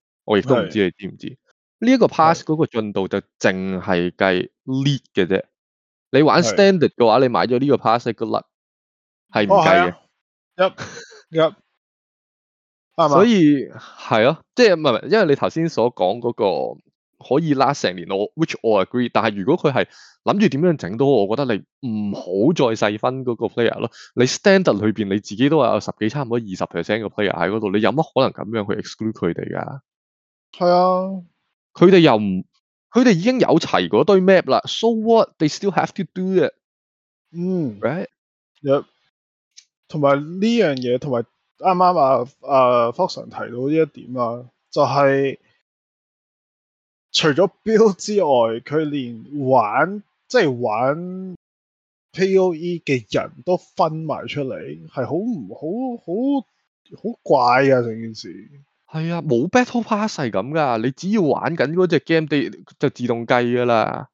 我亦都唔知你知唔知呢一個 pass 嗰個進度就淨係計 lead 嘅啫。你玩 standard 嘅話，你買咗呢個 pass 嗰粒係唔計嘅。所以係啊，即係唔係因為你頭先所講嗰個可以 last 成年，我 which I agree。但係如果佢係諗住點樣整到，我覺得你唔好再細分嗰個 player 咯。你 standard 裏邊你自己都話有十幾差唔多二十 percent 嘅 player 喺嗰度，你有乜可能咁樣去 exclude 佢哋噶？係啊，佢哋又唔，佢哋已經有齊嗰堆 map 啦。So what？They still have to do 嘅。嗯。Right。同埋呢樣嘢，同埋啱啱啊啊 f e r s o n 提到呢一點啊，就係、是、除咗 b 標之外，佢連玩即係、就是、玩 P.O.E 嘅人都分埋出嚟，係好唔好好好怪啊！成件事。係啊，冇 battle pass 係咁噶，你只要玩緊嗰隻 game day，就自動計噶啦。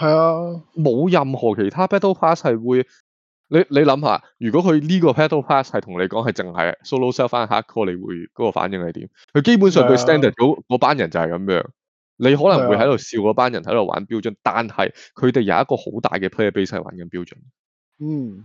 係啊，冇任何其他 battle pass 係會，你你諗下，如果佢呢個 battle pass 係同你講，係淨係 solo sell 翻 hardcore 你會嗰、那個反應係點？佢基本上對 standard 嗰、啊、班人就係咁樣，你可能會喺度笑嗰班人喺度玩標準，是啊、但係佢哋有一個好大嘅 player base 係玩緊標準。嗯。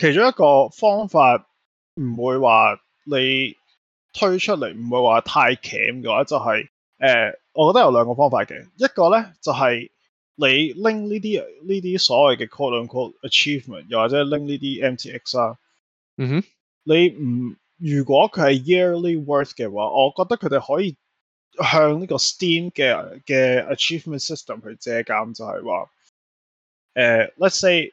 其中一個方法唔會話你推出嚟唔會話太攬嘅話，就係、是、誒、呃，我覺得有兩個方法嘅。一個咧就係、是、你拎呢啲呢啲所謂嘅 quote unquote achievement，又或者拎呢啲 MTX 啊、mm-hmm.。哼。你唔如果佢係 yearly worth 嘅話，我覺得佢哋可以向呢個 Steam 嘅嘅 achievement system 去借鑑，就係話誒，let's say。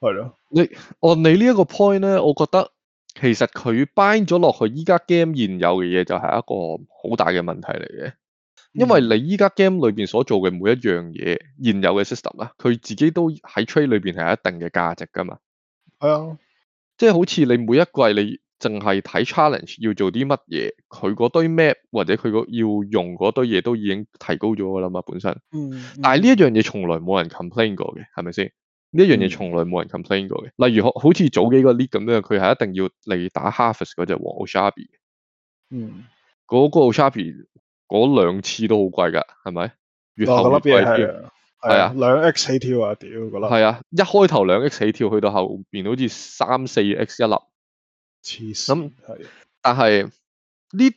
係咯，你按你呢一個 point 咧，我覺得其實佢 bind 咗落去，依家 game 現有嘅嘢就係一個好大嘅問題嚟嘅。因為你依家 game 裏邊所做嘅每一樣嘢，現有嘅 system 啦，佢自己都喺 trade 裏邊係有一定嘅價值噶嘛。係啊，即係好似你每一季你淨係睇 challenge 要做啲乜嘢，佢嗰堆 map 或者佢個要用嗰堆嘢都已經提高咗噶啦嘛，本身。嗯。嗯，但係呢一樣嘢從來冇人 complain 過嘅，係咪先？呢樣嘢從來冇人 complain 過嘅，例如好好似早幾個 league 咁樣，佢係一定要嚟打 harvest 嗰隻黃 Oshabi。嗯，嗰、那個 Oshabi 嗰兩次都好貴㗎，係咪？越後越貴係、那個、啊，兩 X 起跳啊，屌、那個！覺得係啊，一開頭兩 X 起跳去到後邊好似三四 X 一粒，黐線。咁、啊，但係呢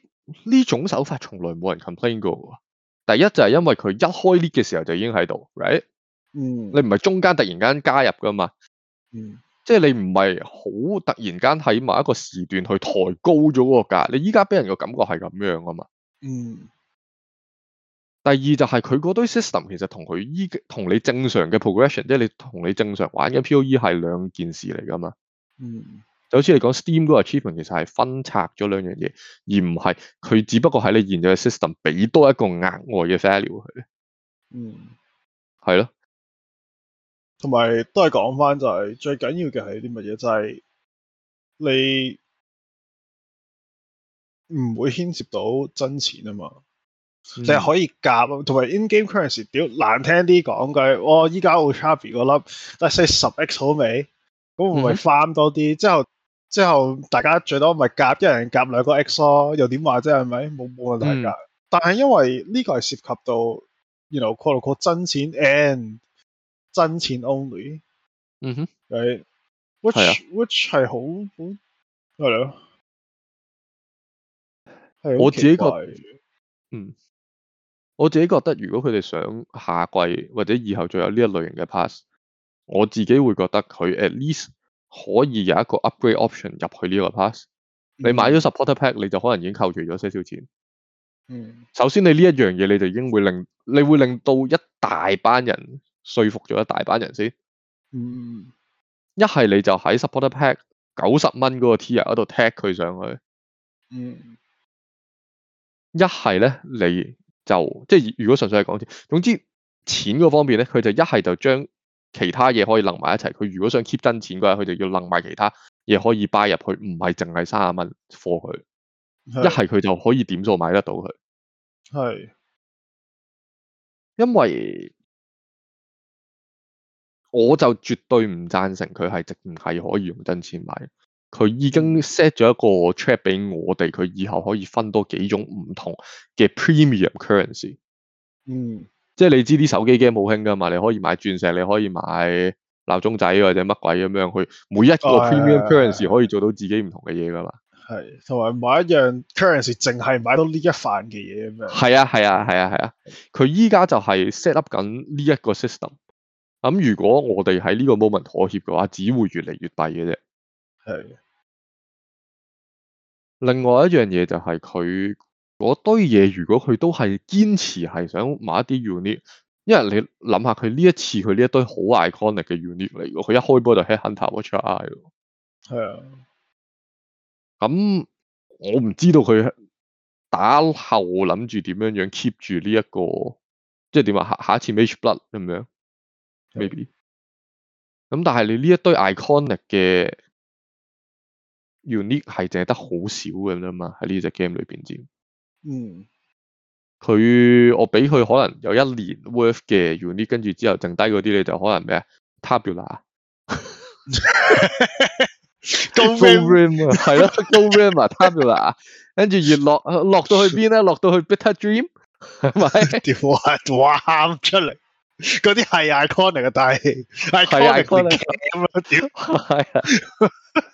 呢種手法從來冇人 complain 過。第一就係因為佢一開 league 嘅時候就已經喺度，right？嗯，你唔係中間突然間加入噶嘛？嗯，即係你唔係好突然間喺某一個時段去抬高咗嗰個價，你依家俾人個感覺係咁樣噶嘛？嗯，第二就係佢嗰堆 system 其實同佢依同你正常嘅 progression，即係你同你正常玩嘅 P.O.E 係兩件事嚟噶嘛。嗯，就好似你講 Steam 嗰個 Achievement 其實係分拆咗兩樣嘢，而唔係佢只不過喺你現在嘅 system 俾多一個額外嘅 value 佢。嗯，係咯。同埋都係講翻，就係最緊要嘅係啲乜嘢，就係你唔會牽涉到真錢啊嘛，你、嗯、係可以夾同埋 in game currency，屌難聽啲講句，我依家好 h a p a B 個粒，但係四十 X 好味，咁唔係翻多啲、嗯，之後之後大家最多咪夾一人夾兩個 X 咯，又點話啫係咪？冇冇問題噶。但係因為呢個係涉及到，u you know，佢哋 l 真錢 and。真錢 only，嗯哼，係，which、啊、which 係好好係咯，我自己覺得，嗯，我自己覺得如果佢哋想下季或者以後再有呢一類型嘅 pass，我自己會覺得佢 at least 可以有一個 upgrade option 入去呢個 pass。嗯、你買咗 supporter pack，你就可能已經扣除咗少少錢。嗯，首先你呢一樣嘢你就已經會令你會令到一大班人。說服咗一大班人先，嗯，一係你就喺 supporter pack 九十蚊嗰個 tier 嗰度 tag 佢上去，嗯，一係咧你就即係如果純粹係講，總之錢個方面咧，佢就一係就將其他嘢可以 lump 埋一齊。佢如果想 keep 真錢嘅話，佢就要 lump 埋其他嘢可以 buy 入去，唔係淨係三十蚊貨佢。一係佢就可以點數買得到佢，係，因為。我就絕對唔贊成佢係直唔係可以用真錢買。佢已經 set 咗一個 track 俾我哋，佢以後可以分多幾種唔同嘅 premium currency。嗯，即係你知啲手機 game 好興噶嘛？你可以買鑽石，你可以買鬧鐘仔或者乜鬼咁樣，去每一個 premium currency 哎哎哎哎哎哎可以做到自己唔同嘅嘢噶嘛？係，同埋買一樣 currency 淨係買到呢一範嘅嘢咁樣。係啊，係啊，係啊，係啊。佢依家就係 set up 緊呢一個 system。咁如果我哋喺呢個 moment 妥協嘅話，只會越嚟越弊嘅啫。係。另外一樣嘢就係佢嗰堆嘢，如果佢都係堅持係想買一啲 unit，因為你諗下佢呢一次佢呢一堆好 iconic 嘅 unit 嚟嘅，佢一開波就 Headhunter which I 咯。啊。咁、嗯、我唔知道佢打後諗住點樣樣 keep 住呢、這、一個，即係點啊？下下一次 Mageblood 咁樣。maybe 咁，但係你呢一堆 iconic 嘅 unique 係淨係得好少嘅啫嘛，喺呢隻 game 裏邊知。嗯，佢我俾佢可能有一年 worth 嘅 unique，跟住之後剩低嗰啲咧就可能咩啊 tabular，go ram 啊，係咯 go ram 啊 tabular，跟住越落落到去邊咧，落到去 beta dream 係咪？屌啊！哇喊出嚟！嗰啲係 icon 嚟嘅，但係係 icon 嚟嘅，咁樣，屌，係啊！ [laughs]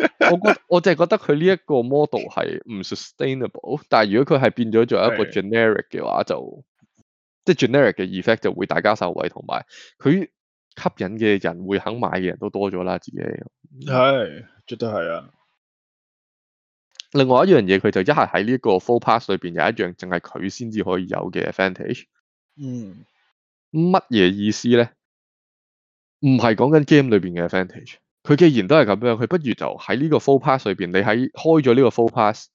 [laughs] 我覺我淨係覺得佢呢一個 model 係唔 sustainable，但係如果佢係變咗做一個 generic 嘅話就的，就即、係、係 generic 嘅 effect 就會大家受惠，同埋佢吸引嘅人會肯買嘅人都多咗啦，自己係，絕對係啊！另外一樣嘢，佢就一係喺呢個 Vault Pass 裏邊有一樣，淨係佢先至可以有嘅 advantage，嗯。乜嘢意思咧？唔係講緊 game 裏邊嘅 advantage。佢既然都係咁樣，佢不如就喺呢個 vault pass 裏邊，你喺開咗呢個 vault pass，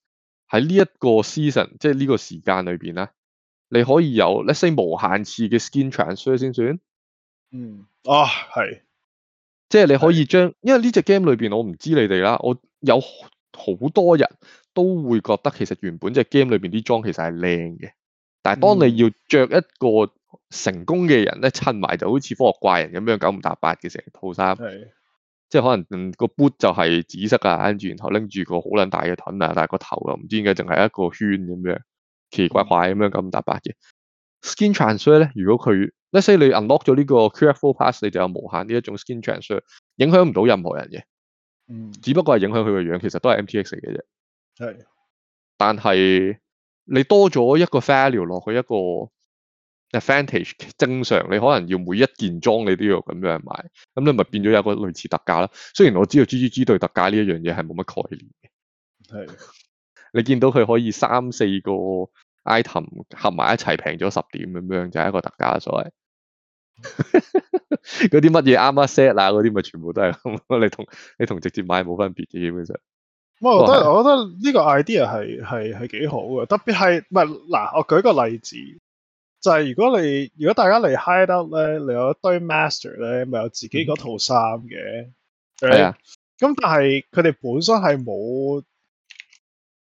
喺呢一個 season，即係呢個時間裏邊咧，你可以有 let's say 無限次嘅 skin transfer 先算。嗯，啊係，即係、就是、你可以將，因為呢隻 game 裏邊我唔知你哋啦，我有好多人都會覺得其實原本隻 game 裏邊啲裝其實係靚嘅，但係當你要着一個。成功嘅人咧，襯埋就好似科學怪人咁樣，九唔搭八嘅成套衫，即係可能個、嗯、boot 就係紫色啊，跟住然後拎住個好撚大嘅盾啊，但係個頭又唔知點解，淨係一個圈咁樣，奇怪怪咁樣，九唔搭八嘅 skin transfer 咧，如果佢，即使你 unlock 咗呢個 Vault Pass，你就有無限呢一種 skin transfer，影響唔到任何人嘅、嗯，只不過係影響佢個樣，其實都係 MTX 嚟嘅啫。係，但係你多咗一個 value 落去一個。Advantage 正常，你可能要每一件裝你都要咁樣買，咁你咪變咗有個類似特價啦。雖然我知道 G G G 對特價呢一樣嘢係冇乜概念嘅，係你見到佢可以三四個 item 合埋一齊平咗十點咁樣，就係一個特價所謂。嗰啲乜嘢啱啊 set 啊嗰啲咪全部都係你同你同直接買冇分別嘅基本上。我覺得我覺得呢個 idea 係係係幾好嘅，特別係唔係嗱？我舉個例子。就係、是、如果你如果大家嚟 hideout 咧，你有一堆 master 咧，咪有自己嗰套衫嘅。啊、嗯。咁、嗯、但係佢哋本身係冇，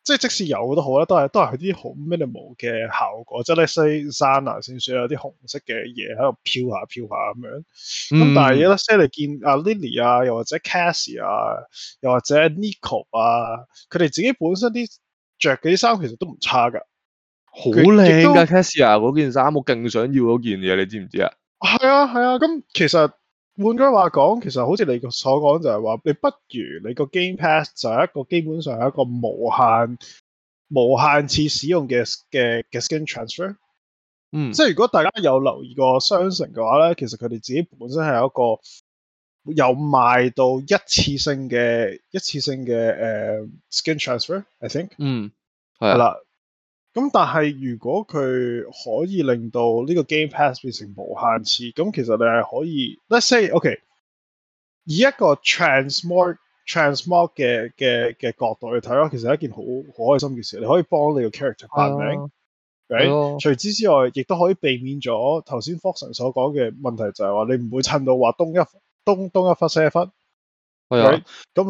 即、就、係、是、即使有都好啦，都係都係啲好 minimal 嘅效果。即係咧 say Zana 啊，先算有啲紅色嘅嘢喺度飄下飄下咁樣。咁、嗯嗯、但係咧 say 你見 Lily 啊，又或者 Cassie 啊，又或者 Niko 啊，佢哋自己本身啲着嘅啲衫其實都唔差㗎。好靚噶，Cassia 嗰件衫，我勁想要嗰件嘢，你知唔知啊？係啊，係啊。咁其實換句話講，其實好似你所講就係話，你不如你個 Game Pass 就係一個基本上係一個無限無限次使用嘅嘅嘅 Skin Transfer。嗯。即係如果大家有留意過商城嘅話咧，其實佢哋自己本身係有一個有賣到一次性嘅一次性嘅、呃、Skin Transfer，I think。嗯。係啦、啊。咁但係如果佢可以令到呢個 game pass 變成無限次，咁其實你係可以。Let's say，OK，okay，以一個 transmort transmort 嘅嘅嘅角度去睇咯，其實係一件好好開心嘅事。你可以幫你個 character 改名、啊 right？啊，除此之外，亦都可以避免咗頭先 Foxon 所講嘅問題就，就係話你唔會趁到話東一東東一忽西一忽。係啊，咁、right？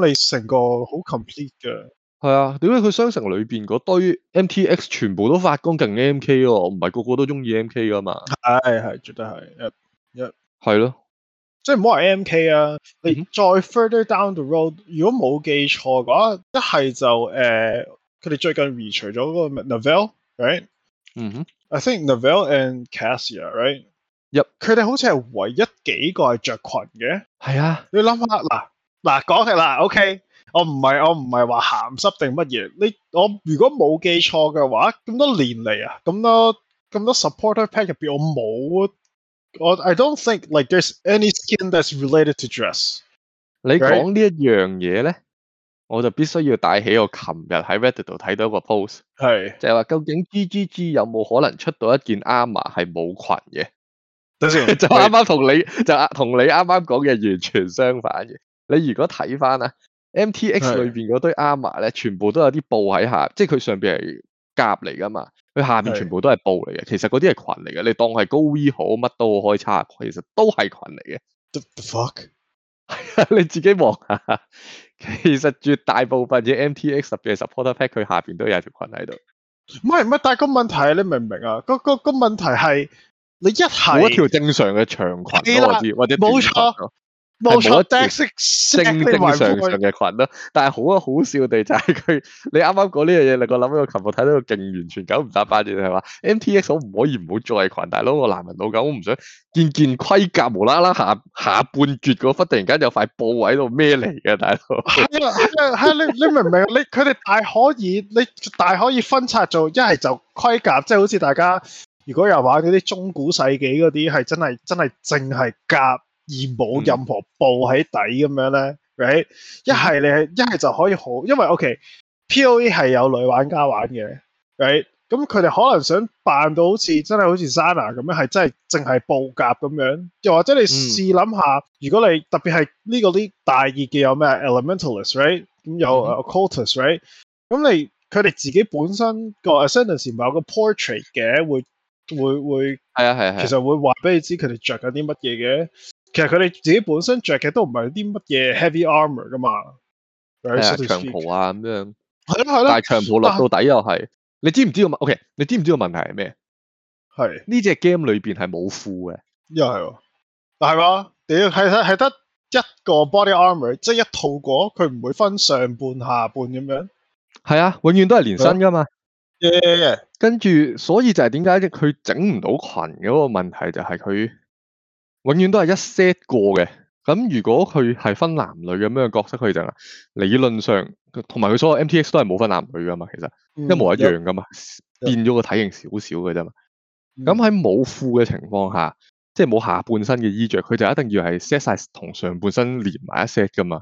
啊、你成個好 complete 嘅。係啊，點解佢商城裏邊嗰堆 MTX 全部都發光勁 MK 喎、哦？唔係個個都中意 MK 噶嘛？係係，絕對係一一係咯，即係唔好話 MK 啊！Mm -hmm. 你再 further down the road，如果冇記錯嘅話，一係就誒，佢、呃、哋最近 re 除咗嗰、那個 Neville，right？嗯、mm、哼 -hmm.，I think Neville and Cassia，right？y、yep. 佢哋好似係唯一幾個係着裙嘅。係啊，你諗下嗱嗱講嘅啦，OK。我唔係我唔係話鹹濕定乜嘢？你我如果冇記錯嘅話，咁多年嚟啊，咁多咁多 supporter pack 入邊我冇。我，我 I don't think like there's any skin that's related to dress 你。你講呢一樣嘢咧，我就必須要帶起我琴日喺 Reddit 度睇到一個 post 係就係、是、話究竟 G G G 有冇可能出到一件 armor 係冇裙嘅？ [laughs] 等先就啱啱同你就同你啱啱講嘅完全相反嘅。你如果睇翻啊？MTX 裏邊嗰堆 Armor 咧，全部都有啲布喺下，即係佢上邊係甲嚟噶嘛，佢下邊全部都係布嚟嘅。其實嗰啲係裙嚟嘅，你當係高腰好，乜都開叉，其實都係裙嚟嘅。The fuck？ [laughs] 你自己望下。其實絕大部分嘅 MTX 特別係 supporter pack，佢下邊都有條裙喺度。唔係唔係，但係個問題你明唔明啊？個個問題係你一係一條正常嘅長裙我知，或者冇錯，即係升嘅裙咯。但係好啊，好笑地就係佢， [laughs] 你啱啱講呢樣嘢，令 [laughs] [laughs] 我諗喺個群度睇到勁完全九唔搭八正係話 MTX 我唔可以唔好再裙？大佬，我男人老狗，我唔想件件盔甲無啦啦下下半截個忽，突然間有塊布喺度咩嚟嘅？大佬係啊係你，你明唔明？ [laughs] 你佢哋大可以，你大可以分拆做一係就盔甲，即係好似大家如果又玩嗰啲中古世紀嗰啲，係真係真係淨係甲。而冇任何布喺底咁樣咧，right 一係你係一係就可以好，因為 OK，PoE、okay, 係有女玩家玩嘅，right 咁佢哋可能想扮到好似真係好似 Sana 咁樣，係真係淨係布甲咁樣，又或者你試諗下，嗯、如果你特別係呢個啲大熱嘅有咩、嗯、Elementalist，right 咁有 Occultist，right 咁你佢哋自己本身個 Ascendancy 唔係有個 Portrait 嘅，會會會係啊係啊，其實會話俾你知佢哋著緊啲乜嘢嘅。其實佢哋自己本身着嘅都唔係啲乜嘢 heavy armor 噶嘛，係、啊 so、長袍啊咁樣，係咯係咯，但係長袍落到底又係、啊，你知唔知個問、啊、？OK，你知唔知個問題係咩？係呢隻 game 裏邊係冇褲嘅，又係喎，係嘛、啊？屌係得係得一個 body armor，即係一套過佢唔會分上半下半咁樣，係啊，永遠都係連身噶嘛，啊、跟住所以就係點解佢整唔到裙嗰、那個問題就係佢。永遠都係一 set 過嘅，咁如果佢係分男女咁樣嘅角色，佢就理論上同埋佢所有 MTX 都係冇分男女噶嘛，其實、嗯、一模一樣噶嘛，嗯、變咗個體型少少嘅啫嘛。咁喺冇褲嘅情況下，即係冇下半身嘅衣着，佢就一定要係 set 晒同上半身連埋一 set 噶嘛。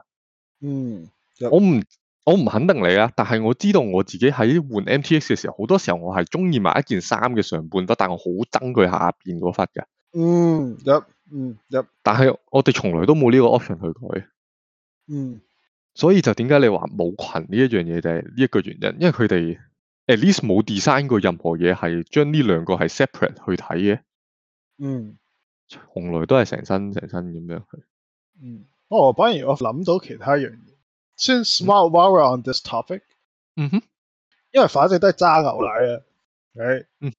嗯，嗯我唔我唔肯定你啊，但係我知道我自己喺換 MTX 嘅時候，好多時候我係中意買一件衫嘅上半 part 但係我好憎佢下邊嗰忽嘅。嗯，嗯嗯，入、嗯，但係我哋從來都冇呢個 option 去改，嗯，所以就點解你話冇群呢一樣嘢就係呢一個原因，因為佢哋 at least 冇 design 過任何嘢係將呢兩個係 separate 去睇嘅，的嗯，從來都係成身成身咁樣去，嗯，我反而我諗到其他樣嘢，先 while we're on this topic，嗯哼，因為反正都係揸牛奶啊，okay? 嗯，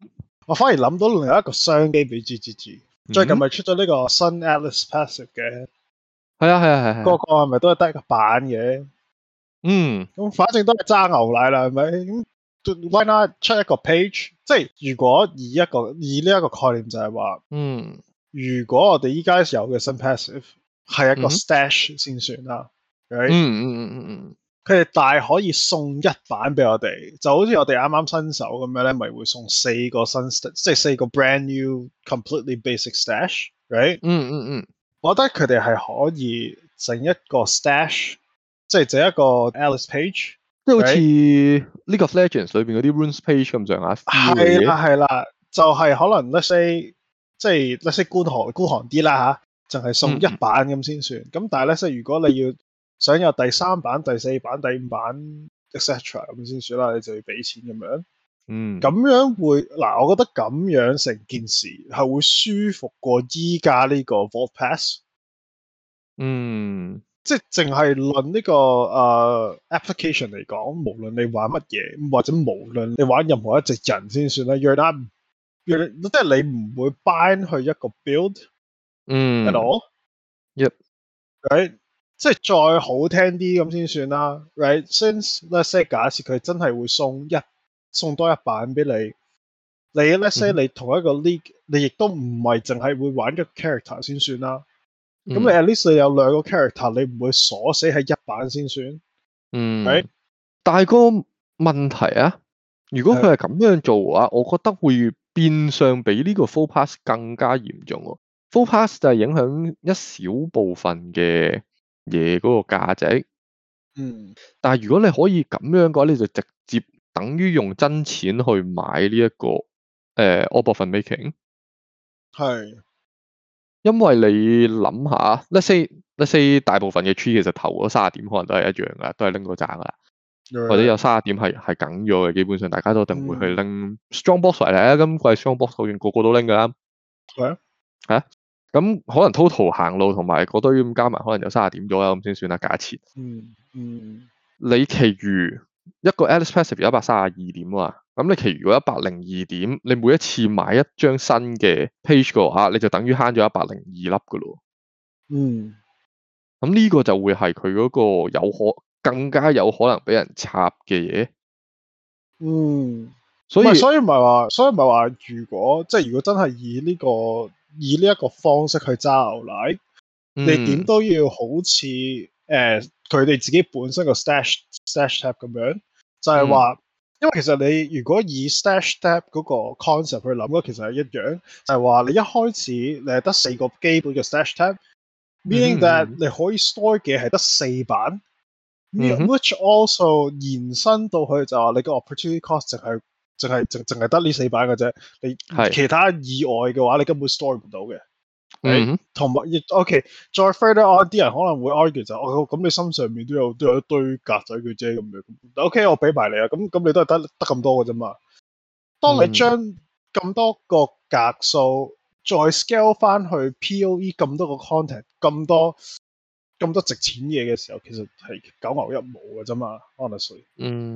我反而諗到另一個商機俾 GGG。最近咪出咗呢個新 Atlas Passive 嘅，係啊係啊係係，是啊是啊，那個個係咪都係得一個版嘅？嗯，咁反正都係揸牛奶啦，係咪？Why not 出一個 page？即係如果以一個以呢一個概念就係話，嗯，如果我哋依家有嘅新 Passive 係一個 stash 先算啦，嗯嗯嗯嗯嗯。嗯嗯嗯。佢哋大可以送一版俾我哋，就好似我哋啱啱新手咁樣咧，咪會送四個新，即係四個 brand new completely basic stash，right？嗯嗯嗯，我覺得佢哋係可以整一個 stash，即係整一個 Alice page，即好似呢個 Legends 裏邊嗰啲 Runes page 咁樣啊，係啦係啦，就係、是、可能 let's say 即係 let's say 孤寒孤寒啲啦吓，就係送一版咁先算，咁、嗯、但係咧，即係如果你要。想有第三版、第四版、第五版，etc. 咁先算啦，你就要俾錢咁樣。嗯，咁樣會嗱，我覺得咁樣成件事係會舒服過依家呢個 Vault Pass。嗯，即係淨係論呢、呢個誒、uh, application 嚟講，無論你玩乜嘢，或者無論你玩任何一隻人先算啦。若啱，若即係你唔會 bind 去一個 build。嗯。At all、Yep. right? 即係再好聽啲咁先算啦。Right, since let's say 假設佢真係會送一送多一版俾你，你 let's say、嗯、你同一個 league，你亦都唔係淨係會玩一個 character 先算啦。咁、嗯、你 at least 你有兩個 character，你唔會鎖死喺一版先算。嗯。誒、right? 但係個問題啊，如果佢係咁樣做嘅話，我覺得會變相比呢個 Vault Pass 更加嚴重喎、啊。Vault Pass 就係影響一小部分嘅。嘢、那、嗰個價值，嗯，但係如果你可以咁樣嘅話，你就直接等於用真錢去買呢、這、一個誒 Option Making 係，因為你諗下，let’s say let’s say 大部分嘅 tree 其實投咗三十點，可能都係一樣噶啦，都係拎個贊噶啦，或者有三十點係係緊咗嘅，基本上大家都一定會去拎 Strong Box 嚟啦，咁貴 Strong Box 究竟過唔過到拎嘅咧？喂，啊咁可能 total 行路同埋嗰堆咁加埋，可能有三十點左右，咁先算啦。假設，嗯嗯，你其餘一個 Alexa p 十而一百三十二點啊，咁你其餘嗰一百零二點，你每一次買一張新嘅 page 嘅話，你就等於慳咗一百零二粒噶咯。嗯，咁呢個就會係佢嗰個有可更加有可能俾人插嘅嘢。嗯，所以所以唔係話，所以唔係話，如果即係、就是、如果真係以呢個。以呢一個方式去揸牛奶，嗯、你點都要好似誒佢哋自己本身個 stash stash tab 咁樣，就係、是、話、嗯，因為其實你如果以 stash tab 嗰個 concept 去諗其實係一樣，就係、是、話你一開始你係得四個基本嘅 stash tab，meaning、嗯、that 你可以 store 嘅係得四版、嗯、which also 延伸到去就話你個 opportunity cost 係、就是。淨係淨淨係得呢四版嘅啫，你其他意外嘅話，你根本 store 唔到嘅。同埋亦，O.K. 再 fair 啲，啲人可能會 argue 嘅就是，哦。咁你身上面都有都有一堆格仔嘅啫咁樣。O.K. 我俾埋你啊，咁咁你都係得得咁多嘅啫嘛。當你將咁多個格數、嗯、再 scale 翻去 POE 咁多個 content，咁多咁多值錢嘢嘅時候，其實係九牛一毛嘅啫嘛。Honestly，嗯。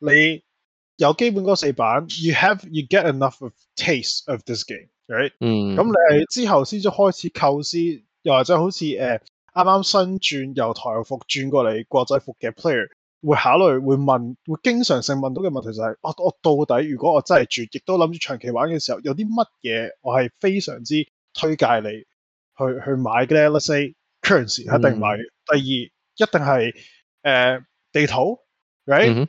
你有基本嗰四版，You have you get enough of taste of this game，咁、right? mm -hmm. 你係之後先至開始構思，又或者好似誒啱啱新轉由台服轉過嚟國際服嘅 player，會考慮會問會經常性問到嘅問題就係、是，我、啊、我到底如果我真係住，亦都諗住長期玩嘅時候，有啲乜嘢我係非常之推介你去去買嘅咧？Let's say currency 一定買，mm -hmm. 第二一定係誒、呃、地圖，right？Mm -hmm.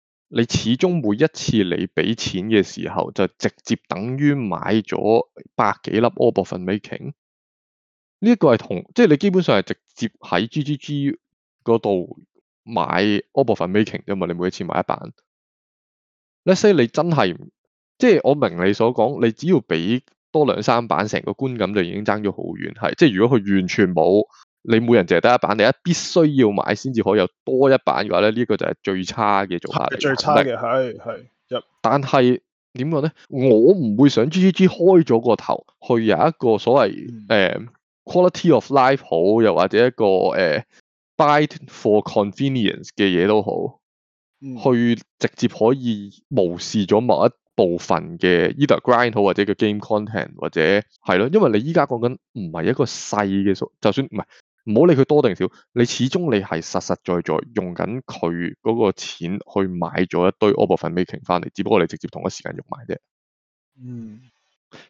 你始終每一次你俾錢嘅時候，就直接等於買咗百幾粒 Orb of Unmaking。呢一個係同，即係你基本上係直接喺 G G G 嗰度買 Orb of Unmaking，啫嘛。你每一次買一版。Let say 你真係，即係我明你所講，你只要俾多兩三版，成個觀感就已經爭咗好遠。係，即係如果佢完全冇。你每人淨係得一版，你一必須要買先至可以有多一版嘅話咧，呢、呢個就係最差嘅做法嚟嘅。最差嘅，係係、yep. 但係點講咧？我唔會想 GGG 開咗個頭去有一個所謂誒、嗯 uh, quality of life 好，又或者一個誒、uh, buy for convenience 嘅嘢都好、嗯，去直接可以無視咗某一部分嘅 either grind 好，或者叫 game content 或者係咯，因為你依家講緊唔係一個細嘅數，就算唔係。唔係唔好理佢多定少，你始終你係實實在在用緊佢嗰個錢去買咗一堆阿波粉美婷翻嚟，只不過你直接同一時間用埋啫。嗯，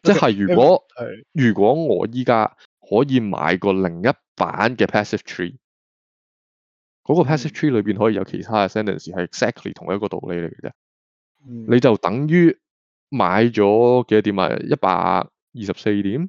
即係、嗯、如果、嗯、如果我依家可以買個另一版嘅 passive tree，嗰、嗯嗰個 passive tree 裏邊可以有其他嘅 sentence 係 exactly 同一個道理嚟嘅啫。你就等於買咗幾多點啊？一百二十四點。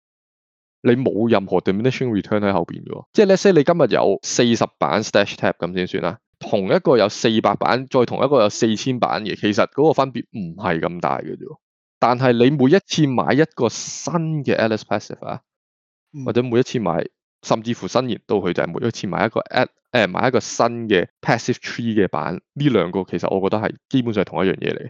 你冇任何 diminishing return 喺後邊嘅喎，即係 let's say 你今日有四十版 stash tab，咁先算啦。同一個有四百版，再同一個有四千版嘅，其實嗰個分別唔係咁大嘅啫。但係你每一次買一個新嘅 Alice Passive 啊，或者每一次買，甚至乎新延到佢就係每一次買一個誒買一個新嘅 passive tree 嘅版，呢兩個其實我覺得係基本上係同一樣嘢嚟。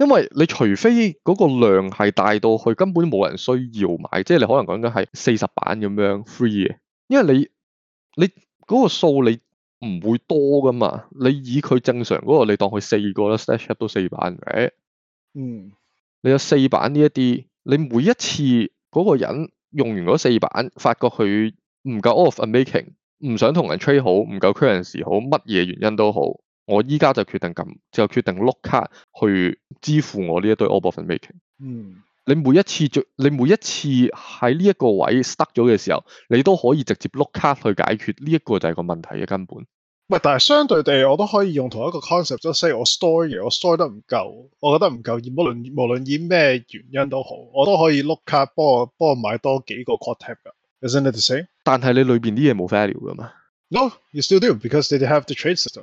因為你除非嗰個量係大到去根本冇人需要買即係你可能講緊係四十版咁樣 free 嘅，因為你你嗰個數你唔會多噶嘛，你以佢正常嗰個你當佢四個啦 stash up 都四版嘅，嗯，你有四版呢一啲，你每一次嗰個人用完嗰四版，發覺佢唔夠 off a making，唔想同人 trade 好，唔夠 quantity 好，乜嘢原因都好。我依家就決定咁，就決定碌卡去支付我呢一堆 overpayment。嗯，你每一次做，你每一次喺呢一個位塞咗嘅時候，你都可以直接碌卡去解決。呢一個就係個問題嘅根本。喂，但係相對地，我都可以用同一個 concept，say 我 store 嘢，我 store 得唔夠，我覺得唔夠，無論無論以咩原因都好，我都可以碌卡幫我幫我買多幾個 quad tab 嘅。Isn't it the same？但係你裏邊啲嘢冇 value 嘅嘛？No，you still do because they have the trade system。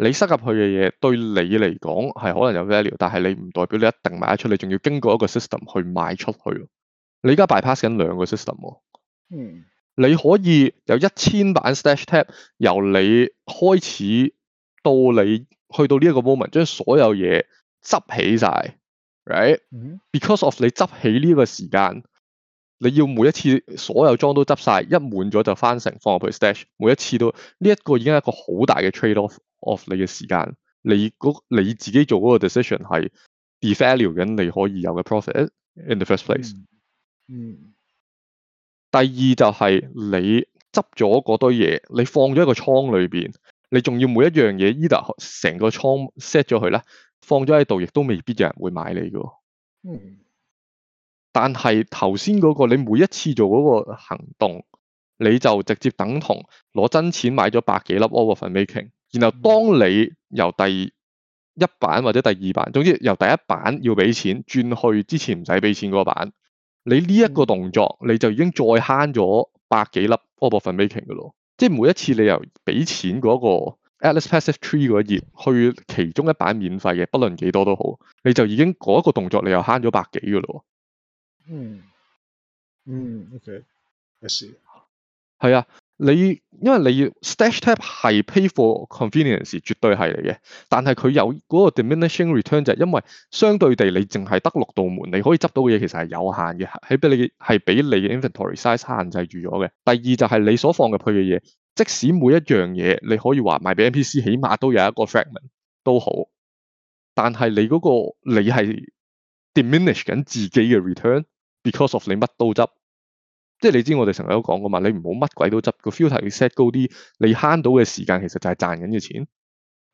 你塞入去嘅嘢，對你嚟講係可能有 value，但係你唔代表你一定賣得出，你仲要經過一個 system 去賣出去。你而家 bypass 緊兩個 system 喎、哦。嗯。你可以有一千版 stash tab 由你開始到你去到呢一個 moment，將所有嘢執起晒。right、嗯、Because of 你執起呢個時間，你要每一次所有裝都執晒，一滿咗就翻成放入去 stash，每一次都呢一、這個已經係一個好大嘅 trade off。of f 你嘅時間，你你自己做嗰個 decision 係 devalue 緊你可以有嘅 profit in the first place。嗯。嗯，第二就係你執咗嗰堆嘢，你放咗一個倉裏邊，你仲要每一樣嘢依達成個倉 set 咗佢咧，放咗喺度，亦都未必有人會買你嘅。嗯。但係頭先嗰個你每一次做嗰個行動，你就直接等同攞真錢買咗百幾粒 Orb of Unmaking 然後當你由第一版或者第二版，總之由第一版要俾錢轉去之前唔使俾錢嗰個版，你呢一個動作你就已經再慳咗百幾粒波柏粉幣瓊嘅咯。即係每一次你由俾錢嗰個 Atlas Passive Tree 嗰頁去其中一版免費嘅，不論幾多都好，你就已經嗰一個動作你又慳咗百幾嘅咯。嗯嗯 OK 我知，係、okay。啊。你因為你要 stash tab 係 pay for convenience，絕對係嚟嘅。但係佢有嗰個 diminishing return 就係因為相對地你淨係得六道門，你可以執到嘅嘢其實係有限嘅，係俾你係俾你嘅 inventory size 限制住咗嘅。第二就係你所放入去嘅嘢，即使每一樣嘢你可以話賣俾 NPC，起碼都有一個 fragment 都好。但係你嗰、嗰個你係 diminish 緊自己嘅 return，because of 你乜都執。即係你知我哋成日都講過嘛，你唔好乜鬼都執，個 filter 要 set 高啲，你慳到嘅時間其實就係賺緊嘅錢。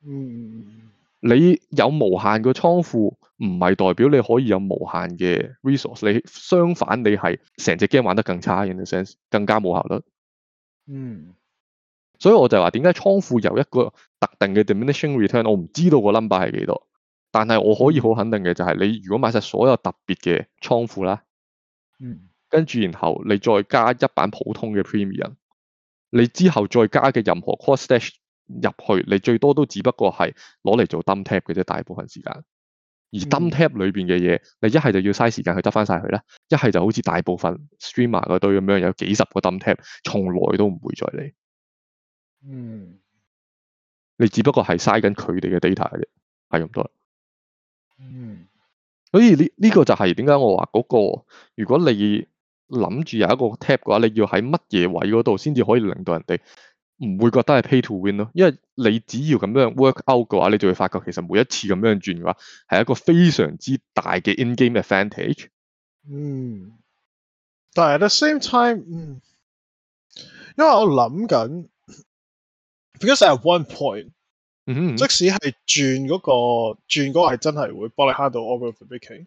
嗯。你有無限個倉庫唔係代表你可以有無限嘅 resource，你相反你係成隻 game 玩得更差，in a sense 更加冇效率。嗯。所以我就話點解倉庫有一個特定嘅 diminishing return，我唔知道個 number 係幾多，但係我可以好肯定嘅就係、是、你如果買晒所有特別嘅倉庫啦。嗯。跟住，然後你再加一版普通嘅 premium 你之後再加嘅任何 cross stash 入去，你最多都只不過係攞嚟做 dump tab 嘅啫。大部分時間，而 dump tab 裏邊嘅嘢，你一係就要嘥時間去執翻晒佢啦。一係就好似大部分 streamer 嗰堆咁樣，有幾十個 dump tab，從來都唔會再嚟。嗯，你只不過係嘥緊佢哋嘅 data 啫，係咁多。嗯，所以呢呢、這個就係點解我話嗰、那個，如果你。諗住有一個 tap 嘅話，你要喺乜嘢位嗰度先至可以令到人哋唔會覺得係 pay to win 咯。因為你只要咁樣 work out 嘅話，你就會發覺其實每一次咁樣轉嘅話，係一個非常之大嘅 in game advantage。嗯，但係 at the same time，嗯，因為我諗緊，because at one point，嗯嗯，即使係轉嗰個轉嗰個係真係會幫你慳到 all the breaking。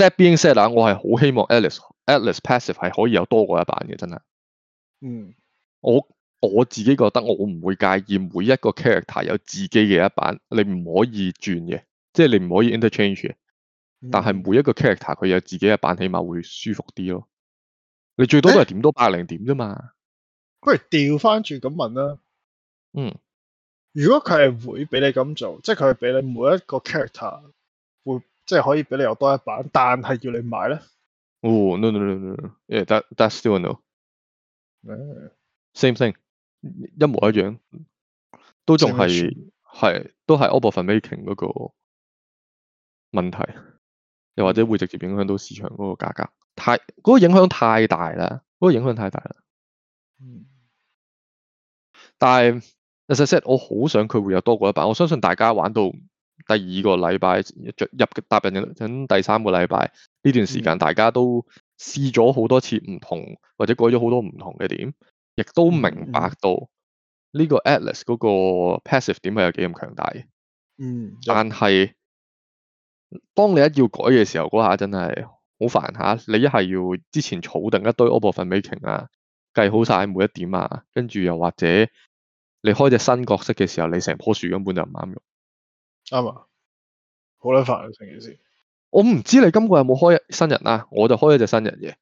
That being said 啦，我係好希望 Atlas Atlas passive 係可以有多過一版嘅，真係。嗯，我我自己覺得我唔會介意每一個 character 有自己嘅一版，你唔可以轉嘅，即係你唔可以 interchange 嘅。但係每一個 character 佢有自己嘅版，起碼會舒服啲咯。你最多都係點都百零點啫嘛。欸，不如調翻轉咁問啦。嗯，如果佢係會俾你咁做，即係佢係俾你每一個 character。即係可以俾你有多一版，但係要你買咧。哦、oh,no no no yeah, that, that's no no，誒，但但係 still no。same thing，一模一樣，都仲係係都係 overfund making 嗰個問題，又或者會直接影響到市場嗰個價格。太嗰、嗰個影響太大啦，嗰、嗰個影響太大啦。但係，as I said, 我好想佢會有多過一版。我相信大家玩到。第二個禮拜入嘅搭人，等第三個禮拜呢段時間，大家都試咗好多次唔同、嗯，或者改咗好多唔同嘅點，亦都明白到呢個 Atlas 嗰個 passive 點係有幾咁強大嘅、嗯。嗯，但係、嗯、當你一要改嘅時候，嗰下真係好煩嚇。你一係要之前儲定一堆 operative making 啊，計好晒每一點啊，跟住又或者你開隻新角色嘅時候，你成樖樹根本就唔啱用。啱啊，好撚煩啊，成件事。我唔知你今個月有冇開新人啊？我就開一隻新人嘅。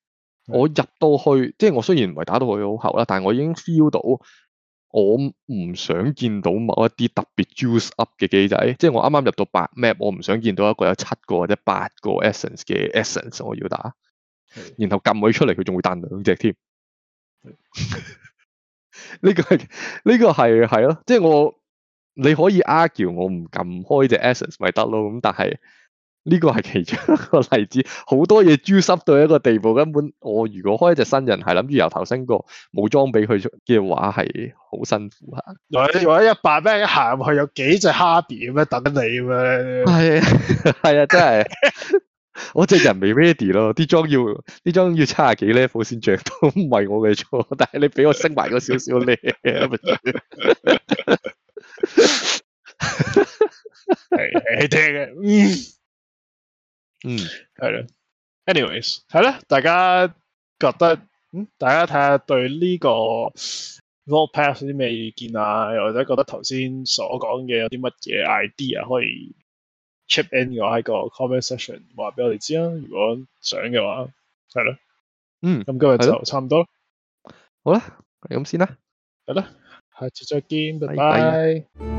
我入到去，即係我雖然唔係打到佢好厚啦，但係我已經 feel 到我唔想見到某一啲特別 juice up 嘅機仔。即係我啱啱入到八 map，我唔想見到一個有七個或者八個 essence 嘅 essence，我要打。然後撳佢出嚟，佢仲會彈兩隻添。呢 [laughs] 個係呢、呢個係係咯，即係我。你可以 argue 我唔撳開隻 essence 咪得咯，咁但係呢個係其中一個例子，好多嘢豬濕到一個地步，根本我如果開一隻新人係諗住由頭升過冇裝備佢嘅話係好辛苦吓。又或者一百咩行入去有幾隻 hardy 咩等你咁樣？係係啊，啊，真係我隻人未 ready 咯，啲裝要呢裝要七十幾 level 先着都唔係我嘅錯，但係你俾我升埋嗰少少咧。 [laughs] [laughs] 誒， [laughs] [laughs] 聽嘅，嗯，嗯，係啦。Anyways，係啦，大家覺得，嗯，大家睇下對呢個 Vault Pass 有啲咩意見啊，又或者覺得頭先所講嘅有啲乜嘢 idea 可以 chip in 嘅話喺個 conversation 話俾我哋知啊，如果想嘅話，係咯，嗯，咁今日就差唔多啦，好啦，係咁先啦，係啦。下次再見，拜拜。